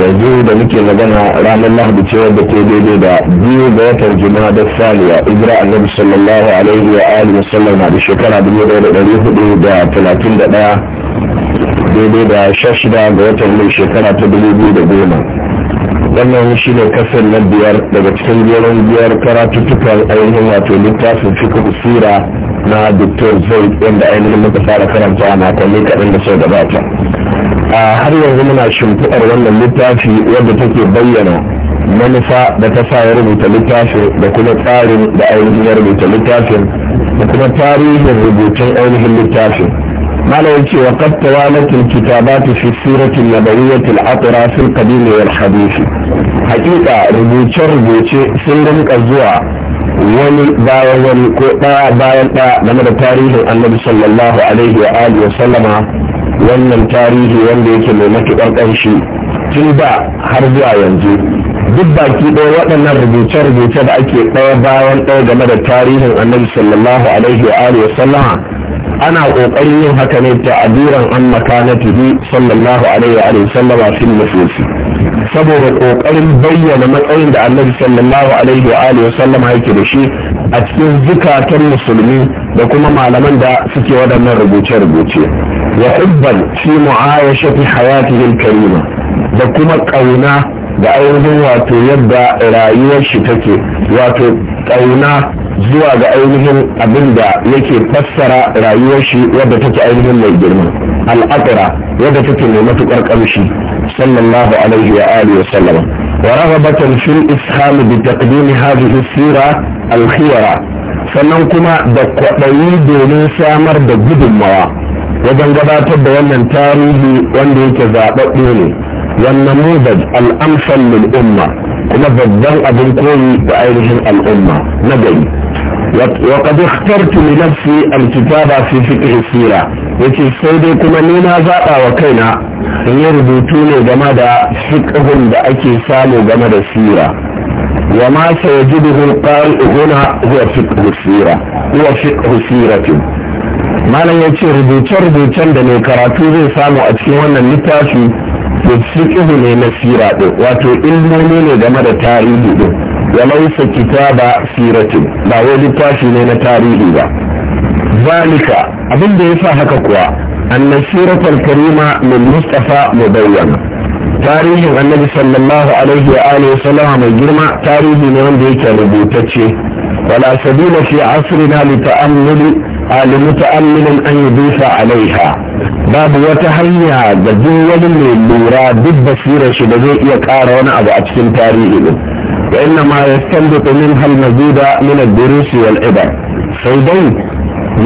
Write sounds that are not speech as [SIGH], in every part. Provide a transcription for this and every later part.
yanzu da muke magana ranar lahadi ce wadda ta daidai da biyu ga watan juma'a da saliya ibra annabi sallallahu alaihi wa alihi wa sallam da shekara dubu da ɗari hudu da talatin da ɗaya daidai da sha shida ga watan mai shekara ta dubu biyu da goma wannan shi ne kasar na biyar daga cikin jerin biyar karatuttukan ainihin wato littafin fikir sura na dr zai wanda ainihin muka fara karanta a makonni kaɗan da sau gabata A har yanzu muna shimfiɗar wannan littafi wadda take bayyana manufa da ta sa ya rubuta littafin da kuma tsarin da ainihin ya rubuta littafin da kuma tarihin rubutun ainihin littafin malam yake wa qad tawalat bata fi sirat an-nabawiyyah al-athra fi qadim wal hadith haqiqa rubuce rubuce sun rinka zuwa wani bayan wani ko ɗaya bayan ɗaya game da tarihin annabi sallallahu alaihi wa alihi wa sallama wannan tarihi wanda yake mai matuƙar ƙanshi tun da har zuwa yanzu duk baki ɗaya waɗannan rubuce-rubuce da ake ɗaya bayan ɗaya game da tarihin annabi sallallahu alaihi wa alihi ana ƙoƙarin yin haka ne ta adiran an makanatihi sallallahu alaihi wa alihi sallama fil nufusi saboda ƙoƙarin bayyana matsayin da annabi sallallahu alaihi wa alihi sallama yake da shi a cikin zukatan musulmi da kuma malaman da suke waɗannan rubuce-rubuce وحبا في معايشة حياته الكريمة da kuma ƙauna da ainihin wato yadda rayuwar shi take wato ƙauna zuwa ga ainihin abin da yake fassara rayuwar shi wadda take ainihin mai girma al'aqra wadda take mai matuƙar ƙamshi sallallahu alaihi wa alihi wa sallama wa raghabatan fil isham bi taqdim hadhihi sira al sannan kuma da kwaɗayi domin samar da gudunmawa wajen gabatar da wannan tarihi wanda yake zaɓaɓɓe ne wannan muzaj al'amshan lil umma kuma babban abin koyi da ainihin al'umma na gari وقد اخترت لنفسي الكتابة في فقه السيرة yace sai dai kuma ni na zaɓa wa kaina in yi rubutu ne game da fiqhun da ake samu game da sira wa ma sayajiduhu alqari huna huwa fiqhu sira huwa fiqhu siratin malam ya ce rubuce-rubucen da mai karatu zai samu a cikin wannan littafi da fiƙihu ne na sira ɗin wato ilmomi ne game da tarihi ɗin ya laisa kitaba siratin ba wai littafi ne na tarihi ba zalika abin da ya sa haka kuwa annan siratul karima min mustafa mubayyana tarihin annabi sallallahu alaihi wa alihi sallama mai girma tarihi ne wanda yake rubutacce wala sabila fi asrina li ta'ammuli ta ali muta'amminan an a alaiha babu wata hanya ga duk wani mai lura duk basirar shi da zai iya ƙara wani abu a cikin tarihi din wa inna ma yastanbitu min hal mazuda min ad-durus wal sai dai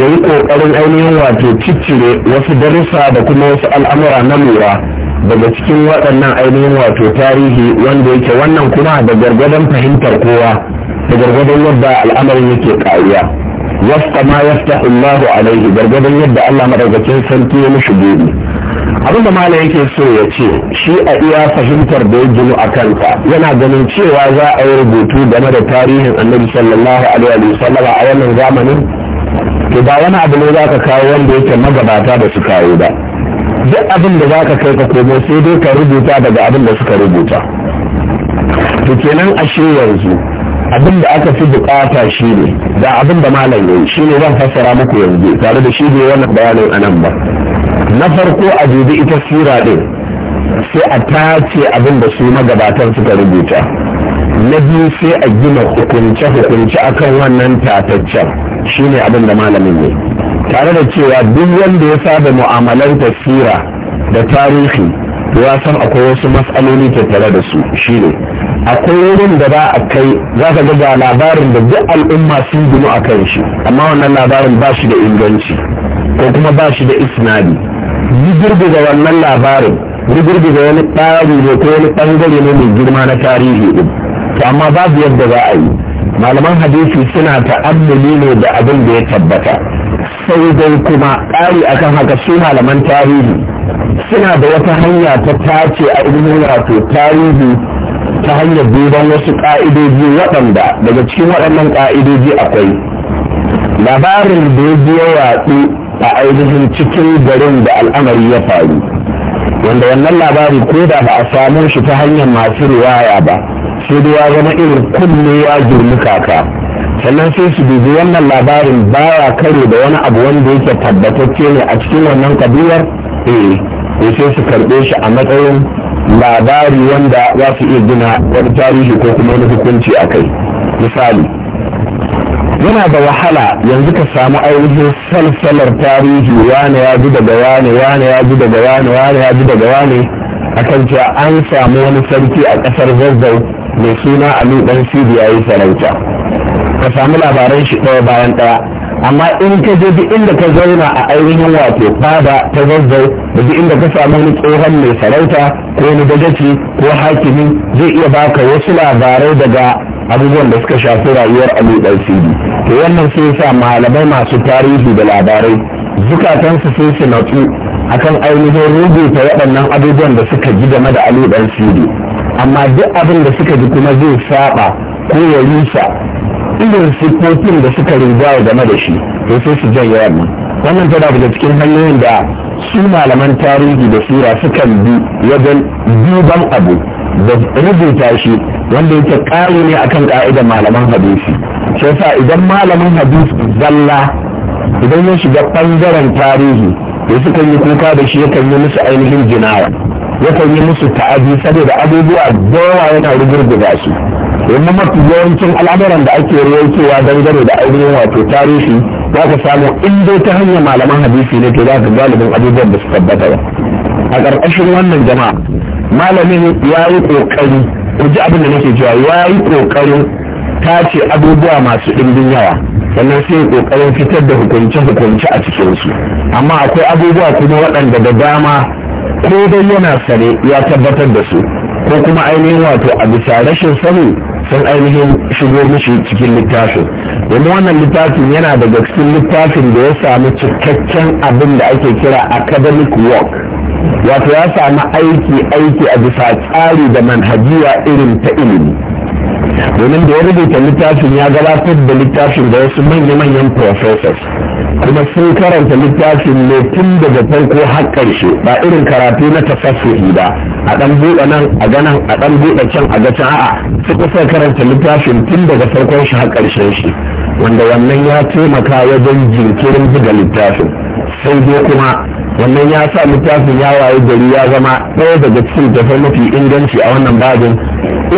yayi ƙoƙarin ainihin wato ciccire wasu darussa da kuma wasu al'amura na lura daga cikin waɗannan ainihin wato tarihi wanda yake wannan kuma da gargadon fahimtar kowa da gargadon yadda al'amarin yake kariya. wasta ma yaftahu Allah alaihi gargadan yadda Allah madaukakin sarki ya mushi gobe abin da malam yake so ya ce shi a iya fahimtar da ya ginu a kanka yana ganin cewa za a yi rubutu game da tarihin annabi sallallahu alaihi wa a wannan zamanin to ba wani abu ne za ka kawo wanda yake magabata da su kawo ba duk abin da za ka kai ka komo sai dai ka rubuta daga abin da suka rubuta to kenan ashe yanzu abin da aka fi bukata shi ne da abin da malam yayi shi ne zan fassara muku yanzu tare da shi ne wannan bayanin anan ba na farko a dubi ita sira ɗin sai a tace abin da su magabatan suka rubuta na biyu sai a gina hukunce hukunce kan wannan tataccen shi ne abin da malamin ne tare da cewa duk wanda ya saba mu'amalar tasira da tarihi ya san akwai wasu matsaloli tattare da su shine akwai wurin da za a kai za ka ga labarin da duk al'umma sun gino a kan shi amma wannan labarin ba shi da inganci ko kuma ba shi da isnadi rigirgiza wannan labarin rigirgiza wani tsari ne ko wani bangare ne mai girma na tarihi din amma babu yadda za a yi malaman hadisi suna ta'ammuli ne da abin da ya tabbata sai dai kuma ƙari akan haka su malaman tarihi suna da wata hanya ta tace a ilimin wato tarihi ta hanyar duban wasu ƙa'idoji waɗanda daga cikin waɗannan ƙa'idoji akwai labarin da ya biyo watsu a ainihin cikin garin da al'amari ya faru wanda wannan labari ko da ba a samu shi ta hanyar masu riwaya ba sai da ya zama irin kunne ya girmi kaka sannan sai su dubi wannan labarin baya kare da wani abu wanda yake tabbatacce ne a cikin wannan kabilar eh sai su karɓe shi a matsayin labari wanda za su iya gina wani tarihi ko kuma wani hukunci a kai misali yana da wahala yanzu ka samu ainihin salsalar tarihi wane ya ji daga wane wane ya ji daga wane wane ya ji daga wane kan cewa an samu wani sarki a ƙasar zazzau mai suna a dan sidi ya yi sarauta ka samu labaran shi ɗaya bayan ɗaya amma in ka je duk inda ka zauna a ainihin wato fada ta zazzau da duk inda ka samu wani tsohon mai sarauta ko wani dagaci ko hakimi zai iya baka wasu labarai daga abubuwan da suka shafi rayuwar abu ɗan to wannan sai sa malamai masu tarihi da labarai zukatansu sai su natsu akan ainihin rubuta waɗannan abubuwan da suka ji game da alu ɗan amma duk abin da suka ji kuma zai saɓa ko ya rusa irin siffofin da suka rinjaye game da shi to sai su janye wannan wannan tana daga cikin hanyoyin da su malaman tarihi da sura sukan bi wajen duban abu da rubuta shi wanda yake kare ne akan ka'idar malaman hadisi shi yasa idan malamin hadisi zalla idan ya shiga ɓangaren tarihi da suka yi kuka da shi yakan yi musu ainihin jinawa yakan yi musu ta'azi saboda abubuwa da yawa yana rugurguza su yanzu mafi yawancin al'amuran da ake rawaitowa dangane da ainihin wato tarihi za ka samu in dai ta hanyar malaman hadisi ne to za ka galibin abubuwan da su tabbata ba a ƙarƙashin wannan jama'a malamin ya yi ƙoƙari ku ji abin da nake cewa ya yi ƙoƙarin tace abubuwa masu ɗimbin yawa sannan sai ƙoƙarin fitar da hukunce-hukunce a cikinsu amma akwai abubuwa kuma waɗanda da dama ko dai yana sare ya tabbatar da su ko kuma ainihin wato a bisa rashin sani sun ainihin shigo mishi cikin littafin domin wannan littafin yana daga cikin littafin da ya samu cikakken abin da ake kira academic work wato ya samu aiki aiki a bisa tsari da manhajiya irin ta ilimi domin da ya rubuta littafin ya gabatar da littafin da wasu manya-manyan professors kuma sun karanta littafin ne tun daga farko har ƙarshe ba irin karatu na tafasiri ba a ɗan buɗe nan a ganan a ɗan buɗe can a gacin a'a su kusa karanta littafin tun daga farkon shi har ƙarshen shi wanda wannan ya taimaka wajen jinkirin buga littafin sai dai kuma wannan ya sa littafin ya waye gari ya zama ɗaya daga cikin tafi mafi inganci a wannan babin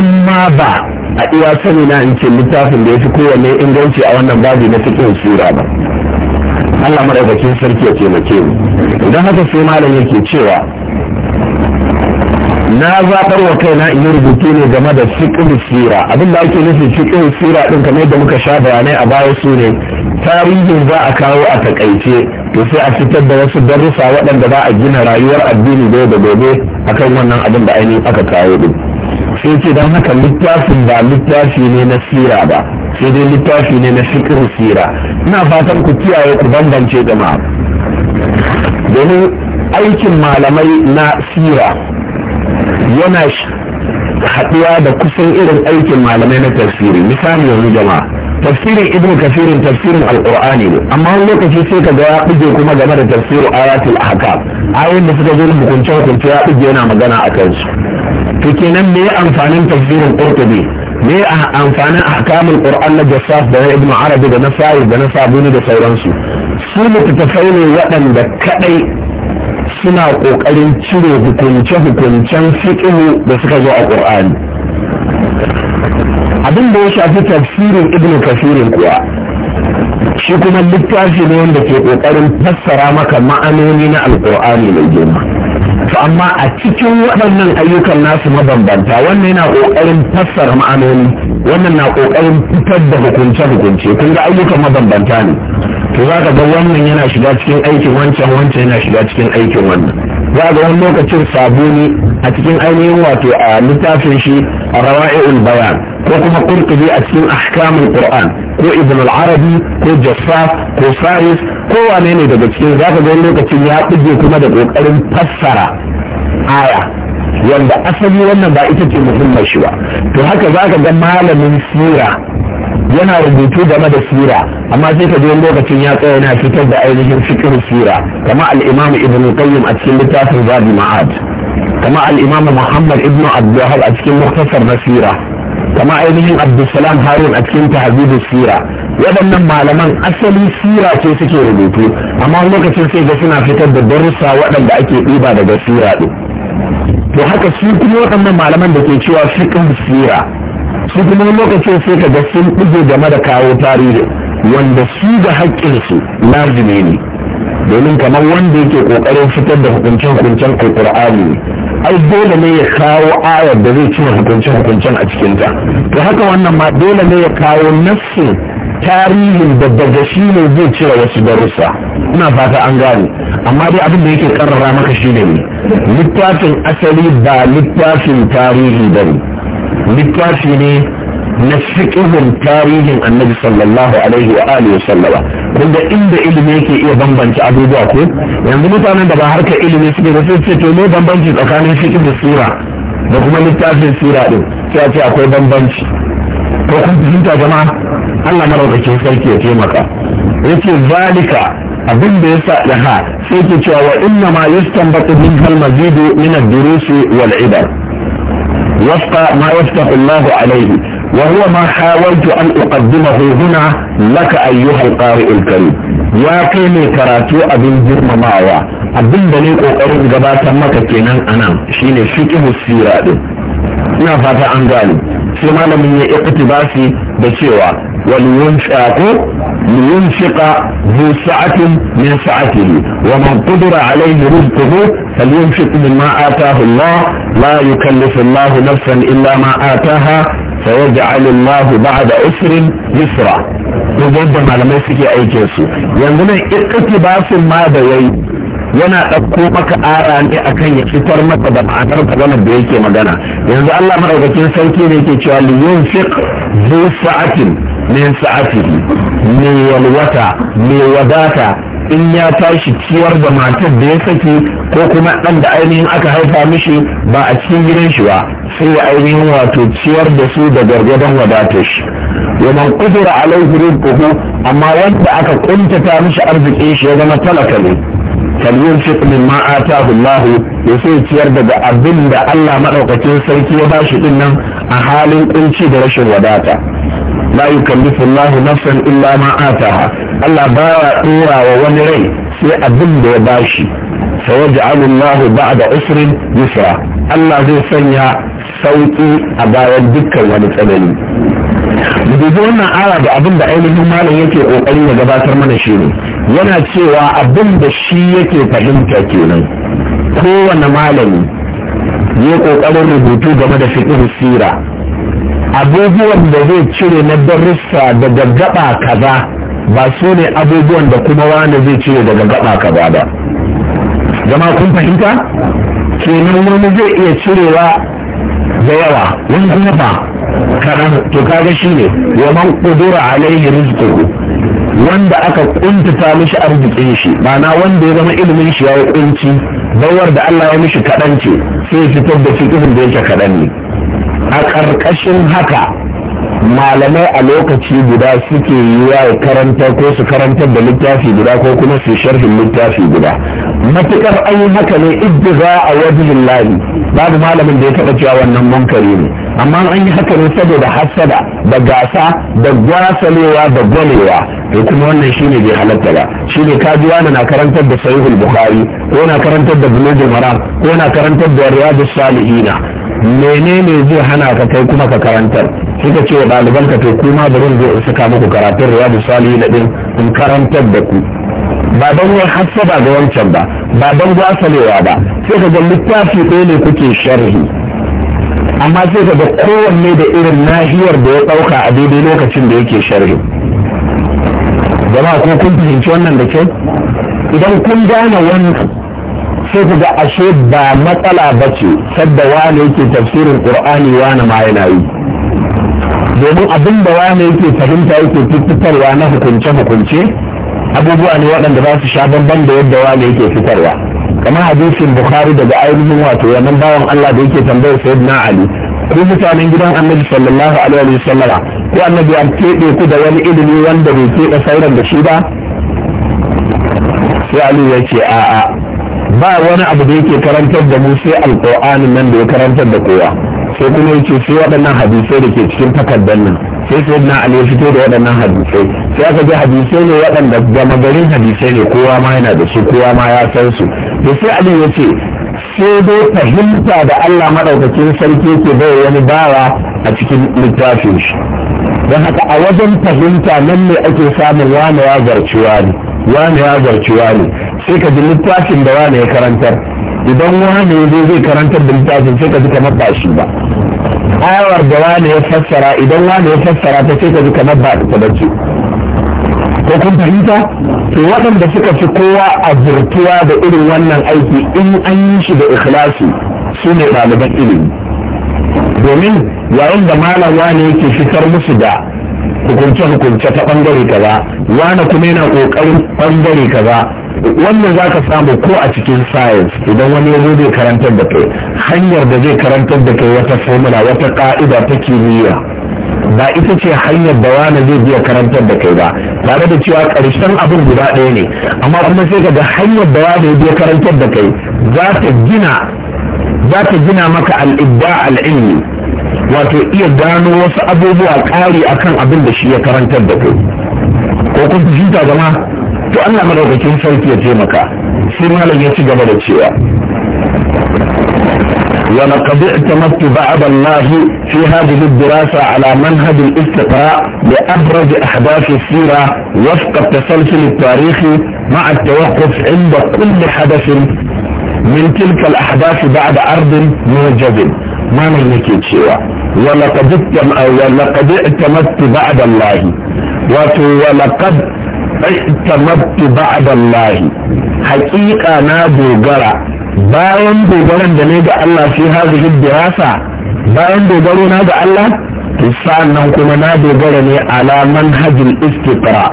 in ma ba a iya sani na in ce littafin da ya fi kowanne inganci a wannan babu na cikin sura ba Allah madaukakin sarki ya taimake mu idan haka sai malam yake cewa na zaɓar wa kaina in yi rubutu ne game da fiƙin sira abin da ake nufi fiƙin sira ɗin kamar yadda muka sha bayanai a baya su ne tarihin za a kawo a takaice to sai a fitar da wasu darussa waɗanda za a gina rayuwar addini da da gobe akan wannan abin da ainihin aka kawo ɗin sai ce don haka littafin ba littafi ne na sira ba sai dai littafi ne na fikir sira ina fatan ku kiyaye ku bambance gama domin aikin malamai na sira yana haɗuwa da kusan irin aikin malamai na tafsiri misali yanzu jama'a tafsirin ibnu kasirin tafsirin alqur'ani ne amma wani lokaci sai ka ga ya bige kuma game da tafsirin ayatul ahkam ayoyin da suka zo hukunce hukunce ya bige yana magana a kansu to kenan me amfanin tafsirin qurtubi me amfanin ahkamul qur'an na jassas da na ibnu arabi da na da na sabuni da sauransu su littattafai ne waɗanda kaɗai suna ƙoƙarin cire hukunce-hukuncen fiƙihu da suka zo a ƙur'ani abin da ya shafi tafsirin ibn kasirin kuwa shi kuma littafi ne wanda ke kokarin fassara maka ma'anoni na alkur'ani mai girma to amma a cikin waɗannan ayyukan nasu mabambanta wannan yana kokarin fassara ma'anoni wannan na kokarin fitar da hukunce hukunce kun ga ayyukan mabambanta ne to za ka ga wannan yana shiga cikin aikin wancan wancan yana shiga cikin aikin wannan za ga wani lokacin sabuni a cikin ainihin wato a littafin shi a rawa'i'ul bayan ko kuma kurtubi a cikin ahkamul qur'an ko ibn al-arabi ko jassas ko saris ko wane ne daga cikin za ka ga wani lokacin ya buge kuma da kokarin fassara aya wanda asali wannan ba ita ce muhimmar shi ba to haka za ka ga malamin sira yana rubutu game da sira amma sai ka je lokacin ya tsaya yana fitar da ainihin fikirin sira kama al ibn qayyim a cikin littafin zabi ma'ad kama al muhammad ibn abdullah a cikin muktasar na sira kama ainihin abdulsalam harun a cikin tahzibus sira waɗannan malaman asali sira ce suke rubutu amma lokacin sai ga suna fitar da darussa waɗanda ake ɗiba daga sira ɗin to haka su kuma waɗannan malaman da ke cewa fiqh sira su kuma lokacin sai ka ga sun ɗige game da kawo tarihi wanda su da haƙƙinsu lazimi ne domin kamar wanda yake ƙoƙarin fitar da hukuncin-hukuncin alƙur'ani ai dole ne ya kawo ayar da zai cire hukuncin-hukuncin a cikinta to haka wannan ma dole ne ya kawo nassin tarihin da daga shi ne zai cire wasu darussa ina fata an gane amma dai abin da yake karrara maka shi ne littafin asali ba littafin tarihi ba ne littafi ne na fiƙihun tarihin annabi sallallahu alaihi wa alihi wa sallama wanda inda ilimi yake iya bambance abubuwa ko yanzu mutanen da ba harka ilimi suke ba sai ce to me bambanci tsakanin fiƙi da sura da kuma littafin sura din sai a ce akwai bambanci ko kun fahimta jama'a Allah maraukakin sarki ya taimaka yace zalika abin da ya sa sai ke cewa wa inna ma yastanbatu min kalmazidu min ad-durusi wal ibar وفق ما يفتح الله عليه وهو ما حاولت أن أقدمه هنا لك أيها القارئ الكريم يا كيمي كراتو أبن جرم معوا أبن دليل أقرب جباتا مكة كينان أنا شيني فكه السيرة دي ina fata an gane sai malamin ya iqtibasi da cewa wal yunshaqu liyunshiqa zu sa'atin min sa'atihi wa man qudira alayhi rizquhu falyunshiq mimma ataahu Allah la yukallifu Allah nafsan illa ma ataaha sayaj'al Allah ba'da usrin yusra to yadda malamai suke aikin su yanzu nan iqtibasin ma da yayi yana ɗauko maka ara ne akan ya fitar maka da ma'anar maganar da yake magana yanzu Allah madaukakin sarki ne yake cewa liyun yunfiq zu sa'atin min sa'atihi ne yalwata ne wadata in ya tashi ciyar da matar da ya saki ko kuma ɗan da ainihin aka haifa mishi ba a cikin gidan shi ba sai ya ainihin wato ciyar da su da gargadon wadatar shi yaman kudura alaihi rizquhu amma wanda aka kuntata mishi arzikin shi ya zama talaka ne falyunfiq mimma atahu Allah ya sai ciyar daga abinda da Allah madaukakin sarki ya bashi din nan a halin kunci da rashin wadata la yukallifu Allah nafsan illa ma ataha Allah baya dora wa wani rai sai abin da ya bashi سيجعل الله da عسر يسرا allah zai sanya sauki a bayan dukkan wani tsanani mu dubi wannan ara da abin da ainihin malam yake kokari ya gabatar mana shi ne yana cewa abin da shi yake fahimta kenan kowane malami ya kokarin rubutu game da fiqh sira abubuwan da zai cire na darussa daga gaba kaza ba su ne abubuwan da kuma wanda zai cire daga gaba kaza ba Gama kun fahimta kenan wani zai iya cirewa da yawa wani kuma ba kaɗan to kaga shi ne wa man ƙudura alaihi rizquhu wanda aka kuntata mishi arzikin shi ma'ana wanda ya zama ilimin shi ya yi kunci bawar da Allah ya mishi kaɗan ce sai fitar da cikin da yake kaɗan ne a ƙarƙashin haka malamai a lokaci guda suke yi ya karanta ko su karantar da littafi guda ko kuma su sharhin littafi guda matukar an yi haka ne iddiza a wajen lahi babu malamin da ya taɓa cewa wannan munkari ne amma an yi haka ne saboda hassada da gasa da gwasalewa da gwalewa to kuma wannan shine bai halatta ba shine kaji wani na karantar da sahihul bukhari ko na karantar da bulugul maram ko na karantar da riyadus salihina menene zai hana ka kai kuma ka karantar suka ce wa ɗaliban ka to kuma bari zo saka muku karatun riyadu salihin din in karantar da ku ba don wai ba ga wancan ba ba don gwasalewa ba sai ka ga littafi ɗaya ne kuke sharhi amma sai ka ga kowanne da irin nahiyar da ya ɗauka a daidai lokacin da yake sharhi jama'a ko kun fahimci wannan da kyau idan kun gane wannan sai ku ga ashe ba matsala ba ce sadda ne yake tafsirin ƙur'ani wa ma yana yi domin abin da wani yake fahimta yake fitarwa na hukunce-hukunce abubuwa ne waɗanda za su sha bamban da yadda wani yake fitarwa kamar hadisin bukhari daga ainihin wato wannan bawan allah da yake tambayar na ali ku mutanen gidan annabi sallallahu alaihi wa sallam ko annabi an keɓe ku da wani ilimi wanda bai keɓe sauran da shi ba sai ali ya ce a'a ba wani abu da yake karantar da mu sai alƙur'anin nan da ya karantar da kowa sai kuma yace sai waɗannan hadisai da ke cikin takardar nan sai sai na ali fito da waɗannan hadisai sai aka ji hadisai ne waɗanda gama garin hadisai ne kowa ma yana da su kowa ma ya san su da sai ali ya ce sai dai fahimta da Allah maɗaukakin sarki ke bai wani bawa a cikin littafin shi don haka a wajen fahimta nan ne ake samun wane ya zarci wane ya zarci sai ka ji littafin da wane ya karantar idan wani ne zai karantar da littafin sai ka ji kamar ba shi ba ayawar da wani ya fassara idan wani ya fassara ta sai ka ji kamar ba ta bace ko kun fahimta to waɗanda suka fi kowa a zurtuwa da irin wannan aiki in an yi shi da ikhlasi su ne ɗaliban ilimi domin yayin da malam wani yake fitar musu da hukunce hukunce ta bangare kaza wani kuma yana kokarin bangare kaza wannan za ka samu ko a cikin science idan wani ya zo zai karantar da kai hanyar da zai karantar da kai wata formula wata ka'ida ta kimiyya ba ita ce hanyar da wani zai biya karantar da kai ba tare da cewa ƙarshen abin guda ɗaya ne amma kuma sai ka ga hanyar da wani ya biya karantar da kai za ta gina za ta gina maka al'ibda al'ilmi wato iya gano wasu abubuwa kari akan abin da shi ya karantar da kai ko kun ji ta zama to Allah madaukakin sarki ya taimaka sai malam ya ci gaba da cewa Allah fi hadhihi ad-dirasa ala manhaj al-istiqra هذه abraj ahdath as-sira لأبرز أحداث السيرة وفق التسلسل التاريخي مع التوقف عند كل حدث من تلك الأحداث بعد عرض موجز malam yake cewa wala qad i'tamattu ba'da Allah wato wala qad i'tamattu ba'da Allah haƙiƙa na dogara bayan dogaran da ne ga Allah fi hadhihi dirasa bayan dogaro na ga Allah to nan kuma na dogara ne ala manhajil istiqra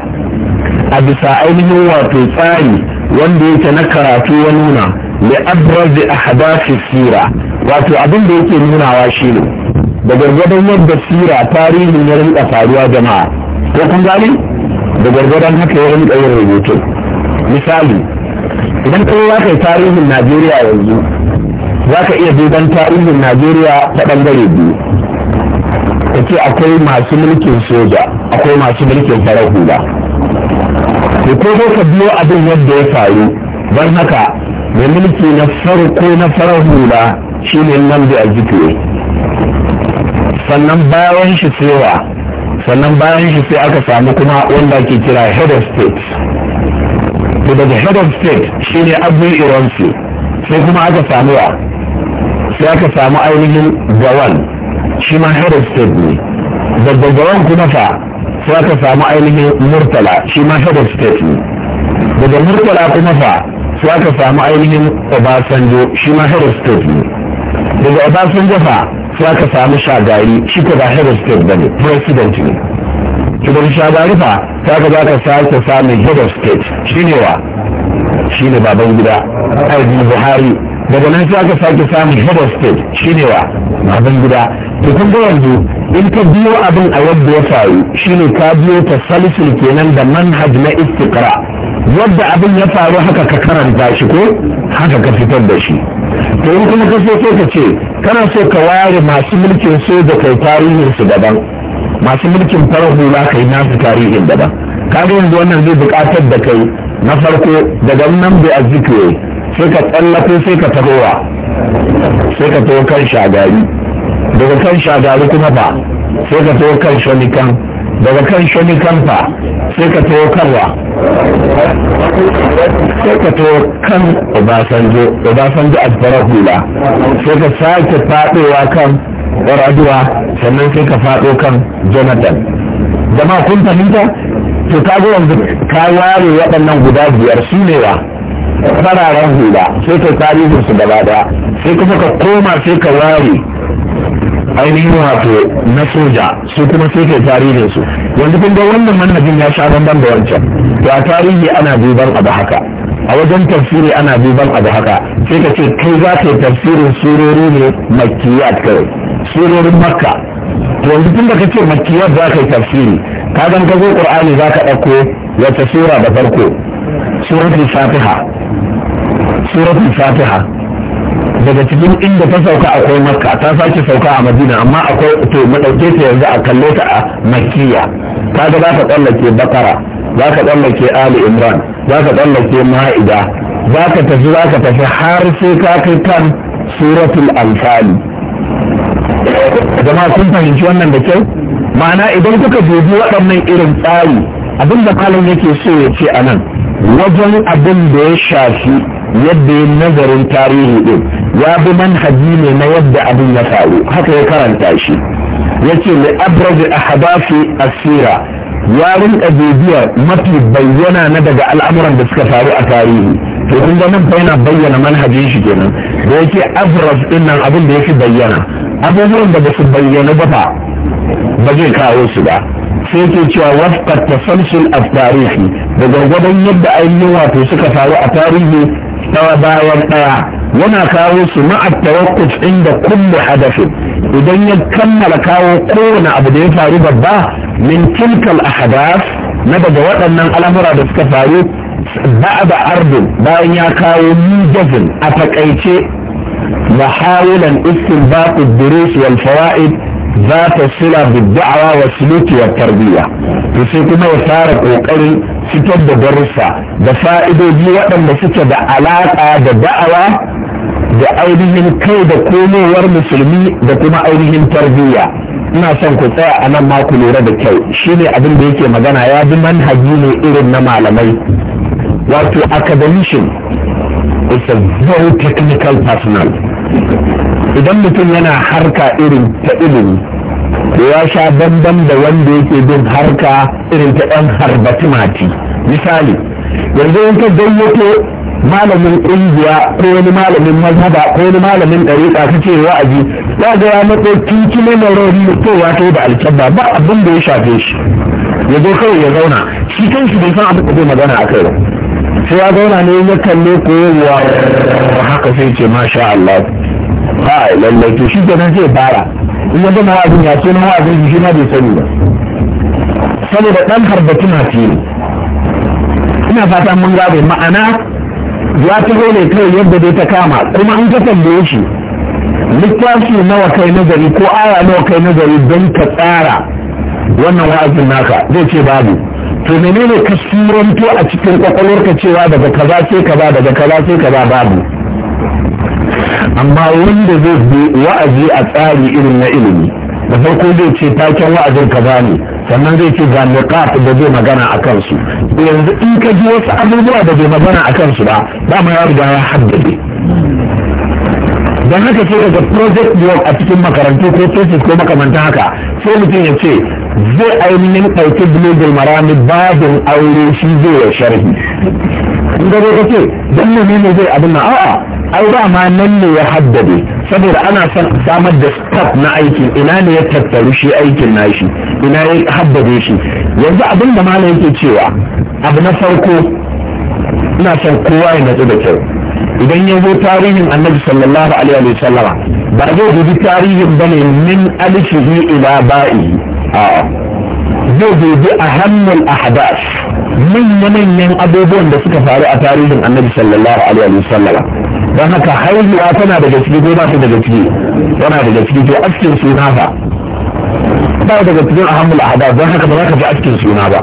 a bisa ainihin wato tsari wanda yake na karatu ya nuna li abrazi ahdathi sira wato abin da yake nunawa shi ne da gargadon yadda sira tarihi ya rinka faruwa jama'a ko kun gani da gargadon haka ya rinka yin rubutu misali idan kai za ka yi tarihin najeriya yanzu za ka iya duban tarihin najeriya ta bangare biyu ka ce akwai masu mulkin soja akwai masu mulkin farar hula ko ka biyo abin yadda ya faru don haka mai mulki na farko na farar hula shi ne nan a ajiye sannan bayan shi cewa sannan bayan shi sai aka samu kuma wanda ke kira head of state to daga head of state shi ne abin iransu sai kuma aka samu wa sai aka samu ainihin gawan shi ma head of state ne daga gawan kuma fa sai aka samu ainihin murtala shi ma head of state ne daga murtala kuma fa sai aka samu ainihin obasanjo shi ma head of state ne daga obasanjo fa sai aka samu shagari shi ko ba head of state bane president ne shugaban shagari fa sai aka zaka sake samun head of state shine wa shine baban gida aiki buhari daga nan sai aka sake samun head of state shine wa baban gida to kun ga yanzu in ka biyo abin a yadda ya faru shine ka biyo tasalsul kenan da manhaj na istiqra yadda abin ya faru haka ka karanta shi ko haka ka fitar da shi to kuma ka so ka ce kana so ka ware masu mulkin so da kai tarihin su daban masu mulkin farar hula kai nasu tarihin daban ka kaga yanzu wannan zai buƙatar da kai na farko daga nan bai azzikwe sai ka tsallako sai ka tarowa sai ka taho kan shagari daga kan shagari kuma ba sai ka taho kan shanikan daga kan shani kansa sai ka tawo karwa sai ka tawo kan obasanjo obasanjo a hula sai ka sake fadowa kan ƙwaraduwa sannan sai ka faɗo kan jonathan jama'a kun fahimta to ka ga yanzu ka ware waɗannan guda biyar su ne wa fararen hula sai ka tarihin su gaba ɗaya sai kuma ka koma sai ka ware ainihin wato na soja su kuma su ke tarihin su yanzu kun ga wannan manhajin ya sha bamban da wancan to a tarihi ana duban abu haka a wajen tafsiri ana duban abu haka sai ka ce kai za ka yi tafsirin surori ne makiyat kawai surorin makka to yanzu tun da ka ce makiyat za ka yi tafsiri ka zan ka zo ƙur'ani za ka ɗauko wata sura da farko suratul fatiha suratul fatiha daga cikin inda ta sauka akwai makka ta sake sauka a madina amma akwai to madauke ta yanzu a kalle ta a makkiya ta ga za ka tsallake bakara za ka tsallake ali imran za ka tsallake ma'ida za ka tafi za ka tafi har sai ka kai kan suratul alfali jama'a kun fahimci wannan da kyau ma'ana idan kuka dubi waɗannan irin tsari abin da malam yake so ya ce a nan wajen abin da ya shafi yadda yin nazarin tarihi din ya bi manhaji ne na yadda abin ya faru haka ya karanta shi ya ce mai abrazi a habafi asira ya rinka bibiya mafi bayyana na daga al'amuran da suka faru a tarihi to kun ga nan yana bayyana manhajin shi kenan da yake abraz din nan abin da fi bayyana abubuwan da ba su bayyana ba ba zai kawo su ba sai ke cewa wafqat tasalsul a tarihi da gwargwadon yadda ainihin wato suka faru a tarihi ɗaya bayan ɗaya yana kawo su ma'at tawakkuf inda kullu hadafin idan ya kammala kawo kowane abu da ya faru babba min tilkal ahadath na daga waɗannan al'amura da suka faru ba'da ardin bayan ya kawo mujazin a takaice baku استنباط الدروس fawa'id za ta sila bidda'awa wa suluki wa tarbiyya to sai kuma ya fara kokarin fitar da darussa da fa'idoji waɗanda suke da alaƙa da da'awa da ainihin kai da komowar musulmi da kuma ainihin tarbiyya ina son ku tsaya a nan ma lura da kyau shine abin da yake magana ya bi manhaji ne irin na malamai wato academician is a very technical personal idan mutum yana harka irin ta ilimi ya sha bambam da wanda yake bin harka irin ta ɗan harbatimati misali yanzu in ka gayyato malamin ƙungiya ko wani malamin mazhaba ko wani malamin ɗariƙa ka ce wa'azi za ga ya matso kinki ne mai rauni ko wato da alkyabba ba abin da ya shafe shi ya zo kawai ya zauna shi kanshi bai san abin da zai magana a kai ba sai ya zauna ne ya kalle ko haka sai ce masha Allah a lallai to shi kenan zai fara in ya gama wa'azin ya ce nan wa'azin shi ma bai sani ba saboda dan harbatu na fiye ina fatan mun gabe ma'ana ya taho ne kai yadda dai ta kama kuma an ka tambaye shi littafi nawa kai nazari ko aya nawa kai nazari don ka tsara wannan wa'azin naka zai ce babu to menene ka suranto a cikin kwakwalwarka cewa daga kaza sai kaza daga kaza sai kaza babu amma wanda zai bi wa'azi a tsari irin na ilimi da farko zai ce taken wa'azin kaza ne sannan zai ce ga niqat da zai magana a kansu yanzu in ka ji wasu abubuwa da bai magana a kansu ba ma ya riga ya haddade don haka ce daga project work a cikin makarantu ko thesis ko makamantan haka sai mutum ya ce zai ainihin ɗauki global marami babin aure shi zai ya sharhi in gaba ka ce don ne zai abin na a'a ai dama nan ne ya haddade saboda ana samar da stop na aikin ina ne ya tattaru shi aikin na shi, ina ya haddade shi yanzu abin da malam yake cewa abu na farko ina son kowa ya natsu da kyau idan ya zo tarihin annabi sallallahu alaihi wa sallama ba zai dubi tarihin ba ne min alifihi ila ba'i a'a zai dubi ahammul ahdath manya-manyan abubuwan da suka faru a tarihin annabi sallallahu alaihi wa sallama don haka haihuwa tana daga ciki ko ba ta daga ciki tana daga ciki to askin suna fa ba daga cikin ahammul ahada don haka ba za ka ji askin suna ba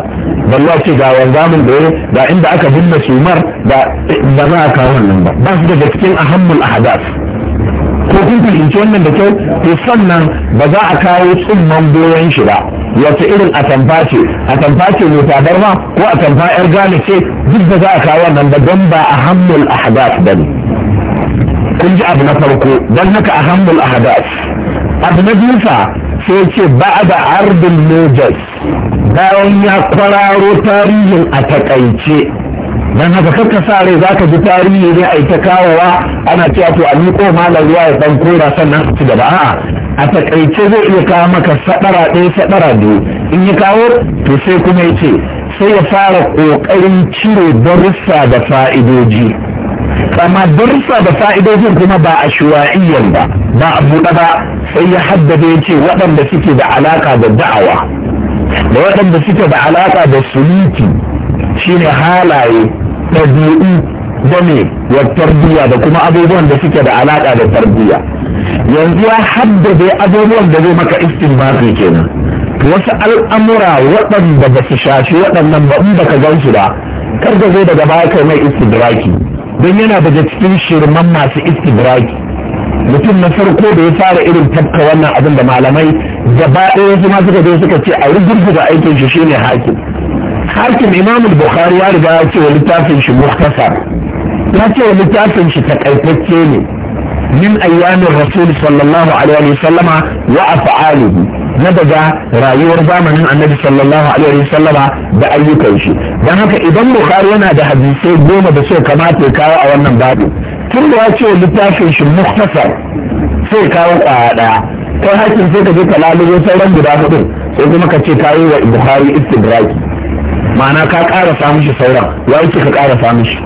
balla ce ga wanzamin da ga inda aka binne sumar da ba za a kawo wannan ba ba su daga cikin ahammul ahadas ko kun fahimci wannan da kyau to sannan ba za a kawo tsumman goyon shi ba wata irin atamfa ce atamfa ce mai tsadar ma ko atamfa yar gane ce duk ba za a kawo wannan ba don ba ahammul ahadas ba ne kun ji abu na farko don haka a hamdul ahadas abu na biyu fa sai ce ba da ardin mojas bayan ya kwararo tarihin a takaice don haka kakka sa rai za ka ji tarihi ne a ita kawowa ana cewa to a miƙo malar ruwa ya ɗan kora sannan su gaba a'a a takaice zai iya kawo maka sadara ɗaya sadara biyu in ya kawo to sai kuma ya ce sai ya fara ƙoƙarin cire darussa da fa'idoji ama darussa da fa'idojin kuma ba a shuwa'iyyar ba ba a buɗe ba sai ya haddada ya ce waɗanda suke da alaka da da'awa da waɗanda suke da alaka da suluki shine halaye ɗabi'u da ne wa tarbiyya da kuma abubuwan da suke da alaka da tarbiyya yanzu ya haddada abubuwan da zai maka istinbati kenan wasu al'amura waɗanda ba su shafi waɗannan ba in baka gan su ba kar da zai daga baya kai mai istidraki don yana daga cikin shirman masu istibraki mutum na farko da ya fara irin tafka wannan abin da malamai gaba ɗaya su suka zo suka ce a rigirgiza aikin shi shine hakim hakim imam bukhari ya riga ya ce wa littafin shi muhtasar ya ce wa littafin shi takaitacce ne من أيام الرسول صلى الله عليه وسلم وأفعاله نبدا rayuwar zamanin annabi sallallahu alaihi wasallama da ayyukan shi don haka idan bukhari yana da hadisai goma da so kamata ya kawo a wannan babu tun da ya ce littafin shi muhtasar sai kawo kwaya daya kai hakin sai ka je ka lalubo sauran guda hudu sai kuma ka ce kawo wa bukhari istidraki ma'ana ka ƙara samun shi sauran wai ka ƙara samun shi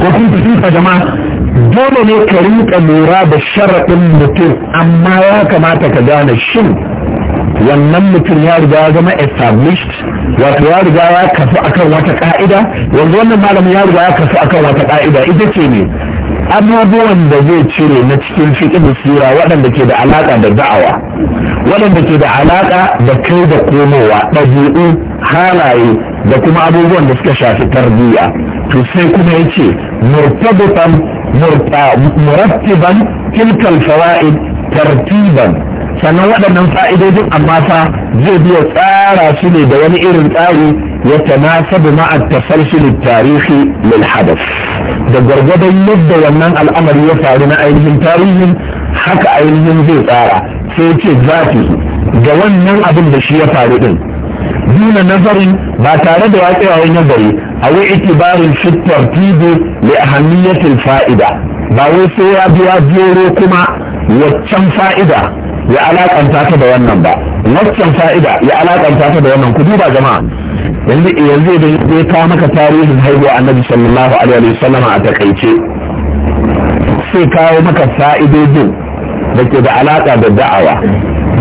ko kun fahimta jama'a dole ne ka rinka lura da sharaɗin mutum amma ya kamata ka gane shin wannan mutum ya riga ya zama established wato ya riga ya kafu akan wata ka'ida yanzu wannan malamin ya riga ya kafu akan wata ka'ida ita ce ne abubuwan da zai cire na cikin fiƙin sura waɗanda ke da alaƙa da da'awa waɗanda ke da alaƙa da kai da komowa ɗabi'u halaye da kuma abubuwan da suka shafi tarbiyya to sai kuma ya ce murtabitan murattiban tilkal fawa'id tartiban sannan waɗannan fa'idojin amma fa zai biya tsara su ne da wani irin tsari ya tanasabu ma'a tafalsul tarihi lil da gwargwadon yadda wannan al'amari ya faru na ainihin tarihin haka ainihin zai tsara sai ce zafi ga wannan abin da shi ya faru din duna nazarin ba tare da watsewa nazari a wai itibarin fitar tibi li ahammiyatil fa'ida ba wai sai ya biya jero kuma waccan fa'ida ya alakanta ta da wannan ba waccan fa'ida ya alakanta ta da wannan ku duba jama'a yanzu yanzu da ya kawo maka tarihin haihuwa annabi sallallahu alaihi wasallama a takaice sai kawo maka fa'idodin da ke da alaƙa da da'awa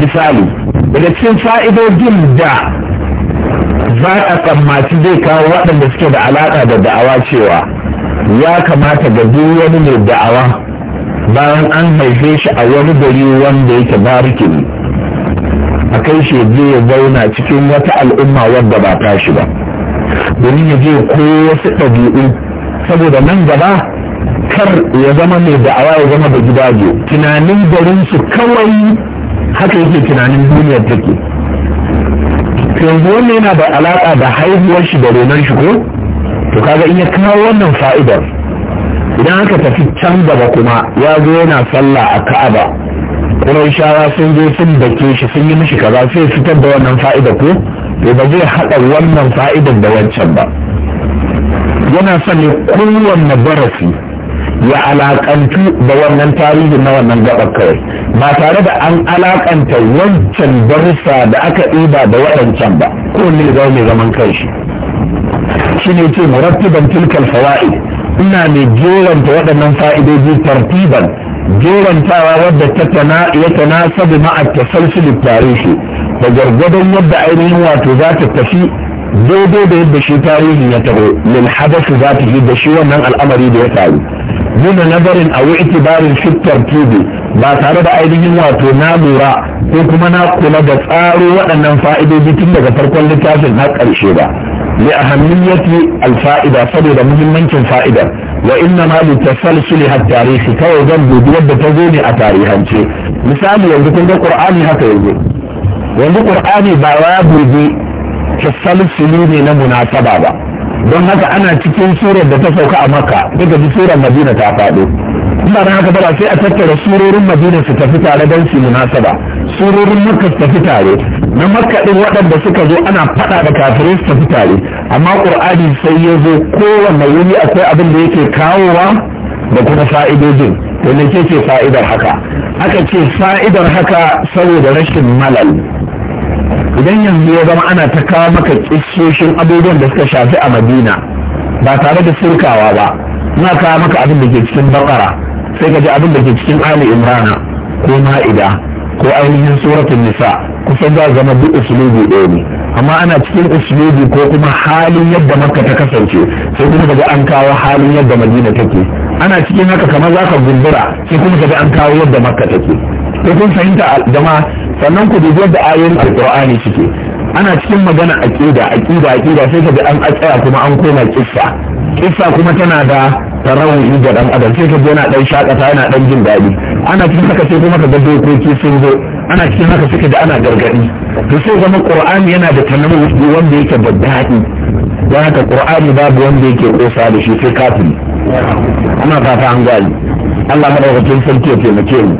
misali daga cikin fa'idodin da za a tsammaci zai kawo waɗanda suke da alaƙa da da'awa cewa ya kamata ga duk wani mai da'awa bayan an haife shi a wani gari wanda yake bariki a kai shi zai zauna cikin wata al'umma wadda ba ta shi ba domin ya je ko wasu ɗabi'u saboda nan gaba kar ya zama mai da'awa ya zama da gidaje tunanin garinsu kawai haka yake tunanin duniyar take yanzu wannan yana da alaƙa da haihuwar shi da renon shi ko to kaga in ya kawo wannan fa'idar idan aka tafi can gaba kuma ya zo yana sallah a ka'aba shawa sun zo sun dake shi sun yi mishi kaza sai fitar da wannan fa'idar ko to ba zai haɗa wannan fa'idar da wancan ba yana son ne kowanne darasi ya alakantu da wannan tarihi na wannan gabar kawai ba tare da an alakanta wancan darussa da aka ɗiba da waɗancan ba ko ne zai mai zaman kanshi shi ne ce murattiban tilkal fawaid ina mai jeranta waɗannan fa'idoji tartiban jerantawa wadda ta tana ya tanasabu ma'a tasalsul tarihi da gargadon yadda ainihin wato za ta tafi daidai da yadda shi tarihi ya taho lil hadasu za ta yi da shi wannan al'amari da ya faru nuna nazarin a wuce barin shiftar tudu ba tare da ainihin wato na lura ko kuma na kula da tsaro waɗannan fa'idoji tun daga farkon littafin na ƙarshe ba li ahammiyati alfa'ida saboda muhimmancin fa'idar wa inna ma li tasalsuli hat tarihi kawai zan dubi yadda ta zo ne a tarihance misali yanzu kun ga qur'ani haka yanzu yanzu qur'ani ba ya burge tasalsuli ne na munasaba ba don haka ana cikin surar da ta sauka a makka daga ji surar madina ta faɗo ba na haka bara sai a tattara surorin madina su tafi tare don su munasaba surorin makka su tafi tare na makka din waɗanda suka zo ana faɗa da kafirai su tafi tare amma qur'ani sai ya zo kowanne wuri akwai abin da yake kawowa da kuma fa'idojin to ne ke fa'idar haka aka ce fa'idar haka saboda rashin malal idan yanzu ya zama ana ta kawo maka kishoshin abubuwan da suka shafi a madina ba tare da surkawa ba na kawo maka abin da ke cikin bakara sai ka ji abin da ke cikin ali imrana ko ma'ida ko ainihin suratun nisa kusan za zama duk usulubi ɗaya ne amma ana cikin usulubi ko kuma halin yadda makka ta kasance sai kuma kaga an kawo halin yadda madina take ana cikin haka kamar za ka gumbura sai kuma kaga an kawo yadda maka take sai kun fahimta a jama'a sannan ku dubi da ayoyin alqur'ani suke ana cikin magana aqida aqida aqida sai ka ji an tsaya kuma an koma kissa kissa kuma tana da tarawih ga dan adam sai ka ji yana dan shakata yana dan jin daɗi ana cikin haka sai kuma ka ga dokoki sun zo ana cikin haka suke da ana gargaɗi to sai zama qur'ani yana da tanawuyi wanda yake da daɗi don haka qur'ani babu wanda yake kosa da shi sai kafin ana fata an gani Allah madaukakin sarki ya taimake mu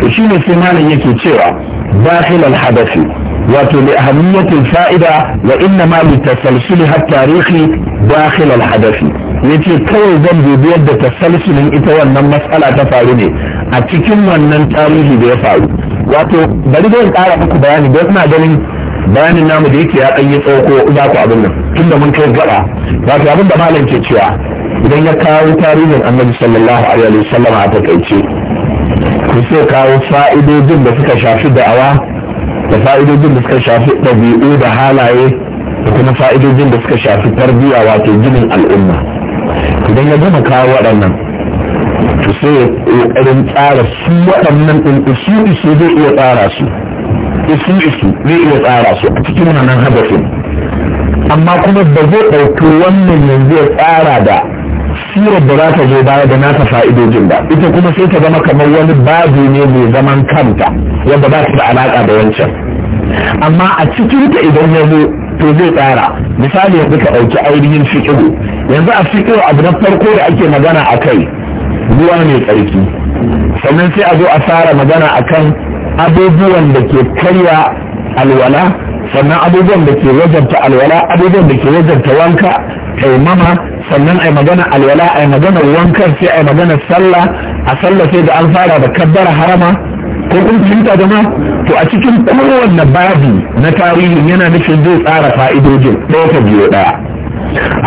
to shine sai malam yake cewa dakhil al hadathi wato li ahammiyatin fa'ida wa inna ma li tasalsuli har tarihi dakhil al hadathi yace kawai zan dubi yadda tasalsulin ita wannan matsala ta faru ne a cikin wannan tarihi da ya faru wato bari zan kara muku bayani don ina ganin bayanin namu da yake ya ɗan yi tsoko za ku abin nan tunda mun kai gaba wato abin da malam ke cewa idan ya kawo tarihin annabi sallallahu alaihi wa sallam a takaice ku sai kawo fa'idojin da suka shafi da'awa da fa'idojin da suka shafi ɗabi'u da halaye da kuma fa'idojin da suka shafi tarbiyya wato ginin al'umma idan ya gama kawo waɗannan to sai ya ƙoƙarin tsara su waɗannan ɗin isu isu zai iya tsara su isu isu zai iya tsara su a cikin wannan hadafin amma kuma ba zai ɗauki wannan yanzu ya tsara da sirar da za ta zo baya da nata fa'idojin ba ita kuma sai ta zama kamar wani babu ne mai zaman kanta wanda ba ta da alaƙa da wancan amma a cikin ta idan ya zo to zai tsara misali yanzu ka ɗauki ainihin fiƙiru yanzu a fiƙiru abu na farko da ake magana a kai ruwa mai tsarki sannan sai a zo a fara magana akan abubuwan da ke karya alwala sannan abubuwan da ke wajabta alwala abubuwan da ke wajabta wanka taimama sannan ai magana alwala ai magana wankan sai ai magana sallah a sallah sai da an fara da kaddara harama ko kun fahimta jama'a to a cikin kowanne babi na tarihi yana nufin zai tsara fa'idojin ɗaya ta biyo ɗaya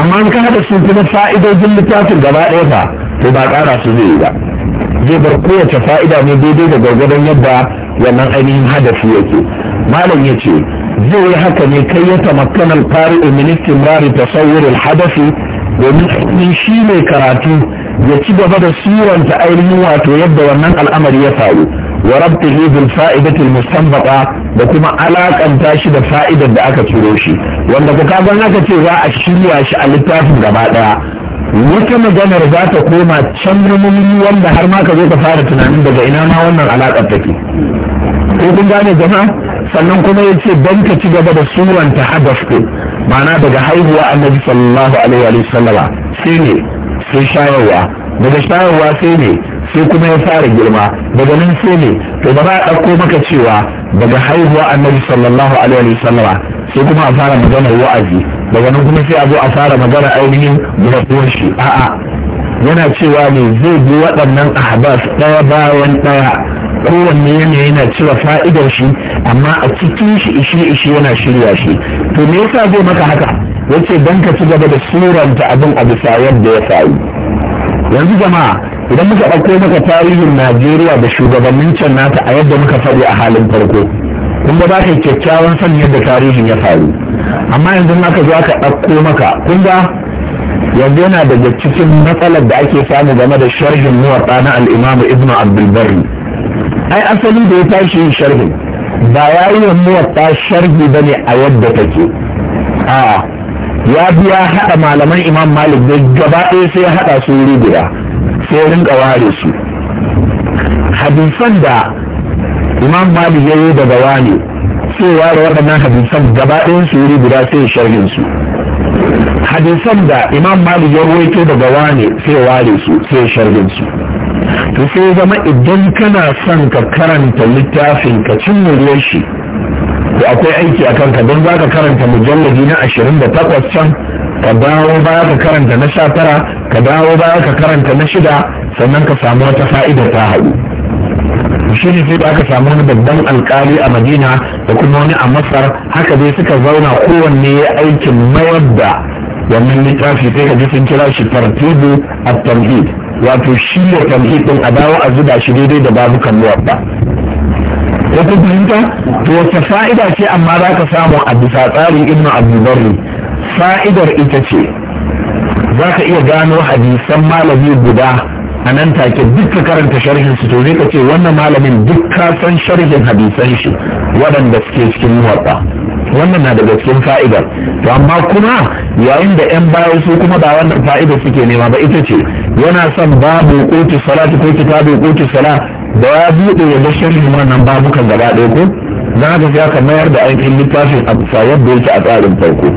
amma in ka haɗa sun kuma fa'idojin littafin gaba ɗaya ba to ba ƙara su zai yi ba zai bar kowace fa'ida ne daidai da gwargwadon yadda wannan ainihin hadafi yake malam ya ce zai yi haka ne kai ya tamakkana alfari'u min istimrari tasawwur alhadafi domin ainihin shi mai karatu ya ci gaba da suranta ainihin wato yadda wannan al'amari ya faru wa rabtihi bil fa'idati al da kuma alakanta shi da fa'idar da aka ciro shi wanda ku kaga aka ce za a shirya shi a littafin gaba daya wata maganar za ta koma can rumuni wanda har ma ka zo ka fara tunanin daga ina ma wannan alakar take ko kun gane jama'a sannan kuma ya ce ban ka ci gaba da suranta hadaf ɗin ma'ana daga haihuwa annabi sallallahu alaihi wa sallama sai ne sai shayarwa daga shayarwa sai ne sai kuma ya fara girma daga nan sai ne to ba za a ɗauko maka cewa daga haihuwa annabi sallallahu alaihi wa sallama sai kuma a fara maganar wa'azi daga nan kuma sai a zo a fara magana ainihin murabuwar shi a'a yana cewa ne zai bi waɗannan ahbas ɗaya bayan ɗaya kowanne yanayi yana cire fa'idar shi amma a cikin shi ishi ishi yana shirya shi to me yasa zai maka haka yace dan ka ci gaba da suranta abin a bisa yadda ya faru yanzu jama'a idan muka ɗauko maka tarihin najeriya da shugabannin can nata a yadda muka faɗi a halin farko kun ga baka kyakkyawan san yadda tarihin ya faru amma yanzu aka zo aka ɗauko maka kun ga yanzu yana daga cikin matsalar da ake samu game da sharhin muwaɗa na al'imamu ibnu abdulbari ai asali da ya tashi yin sharhi ba ya yi wa muwatta sharhi ba ne a yadda take A, ya biya haɗa malaman imam malik da gaba ɗaya sai ya haɗa su wuri guda sai rinka ware su hadisan da imam malik ya yi daga wani sai ware waɗannan hadisan gaba ɗaya su wuri guda sai sharhin su hadisan da imam malik ya ruwaito daga wani sai ware su sai sharhin su to sai zama idan kana son ka karanta littafin ka cimma muryar shi akwai aiki a kanka don za ka karanta mujallabi na ashirin da takwas can ka dawo baya ka karanta na sha ka dawo baya ka karanta na shida sannan ka samu wata fa'idar ta haɗu shi ne sai da aka samu wani babban alkali a madina da kuma wani a masar haka dai suka zauna kowanne ya aikin mayar da wannan littafi sai ka ji sun kira shi tartibu at-tamhid wato shi ne tamhid din a dawo a zuba shi daidai da babu kalluwar ba ko ku fahimta to wata fa'ida ce amma za ka samu a bisa tsarin ibn abdubarri fa'idar ita ce za ka iya gano hadisan malami guda a nan take duka karanta sharhin su to zai ka ce wannan malamin duk ka san sharhin hadisan shi waɗanda suke cikin muwatta wannan na daga cikin fa'idar to amma kuma yayin da yan baya su kuma ba wannan fa'ida suke nema ba ita ce yana son babu kotu salatu ko kitabu kotu sala da ya buɗe ya ga shirin wannan babukan gaba ɗaya ko za ka ga ka mayar da ainihin littafin a bisa yadda yake a tsarin farko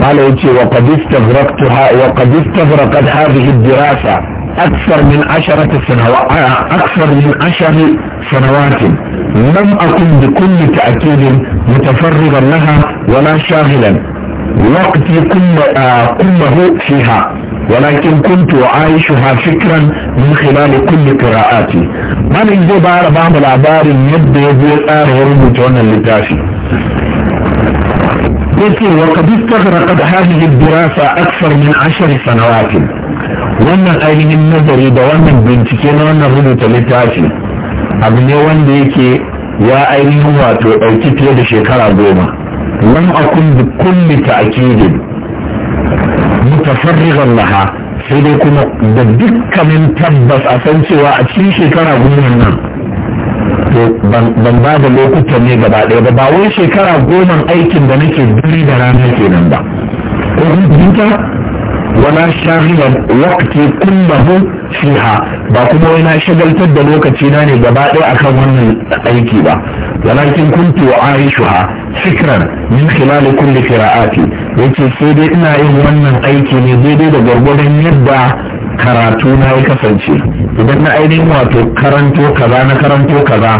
malam ce wa qad istaghraqtu wa qad hadhihi ad-dirasa اكثر من عشرة سنوات آه، اكثر من عشر سنوات لم اكن بكل تأكيد متفرغا لها ولا شاغلا وقتي كل آه، كله فيها ولكن كنت أعيشها فكرا من خلال كل قراءاتي ما نجد بعض بعض الاعبار يبدو يقول آه ورمتون اللتافي يقول وقد استغرقت هذه الدراسة أكثر من عشر سنوات wannan ainihin nazari da wannan bincike na wannan rubuta littafi abu ne wanda yake ya ainihin wato ɗauki fiye da shekara goma lam akun bi kulli ta'kidin mutafarrigan laha sai dai kuma da dukkanin tabbas a san cewa a cikin shekara goma nan ban ba da lokutan ne gaba ɗaya ba ba wai shekara goma aikin da nake dare da rana kenan ba ko wala shaghilan waqti kullahu fiha ba kuma wai na shagaltar da lokaci na ne gaba ɗaya akan wannan aiki ba walakin kuntu wa aishuha fikran min khilal kulli qira'ati yace sai dai ina yin wannan aiki ne daidai da gwargwadon yadda karatu na ya kasance idan na ainihin wato karanto kaza na karanto kaza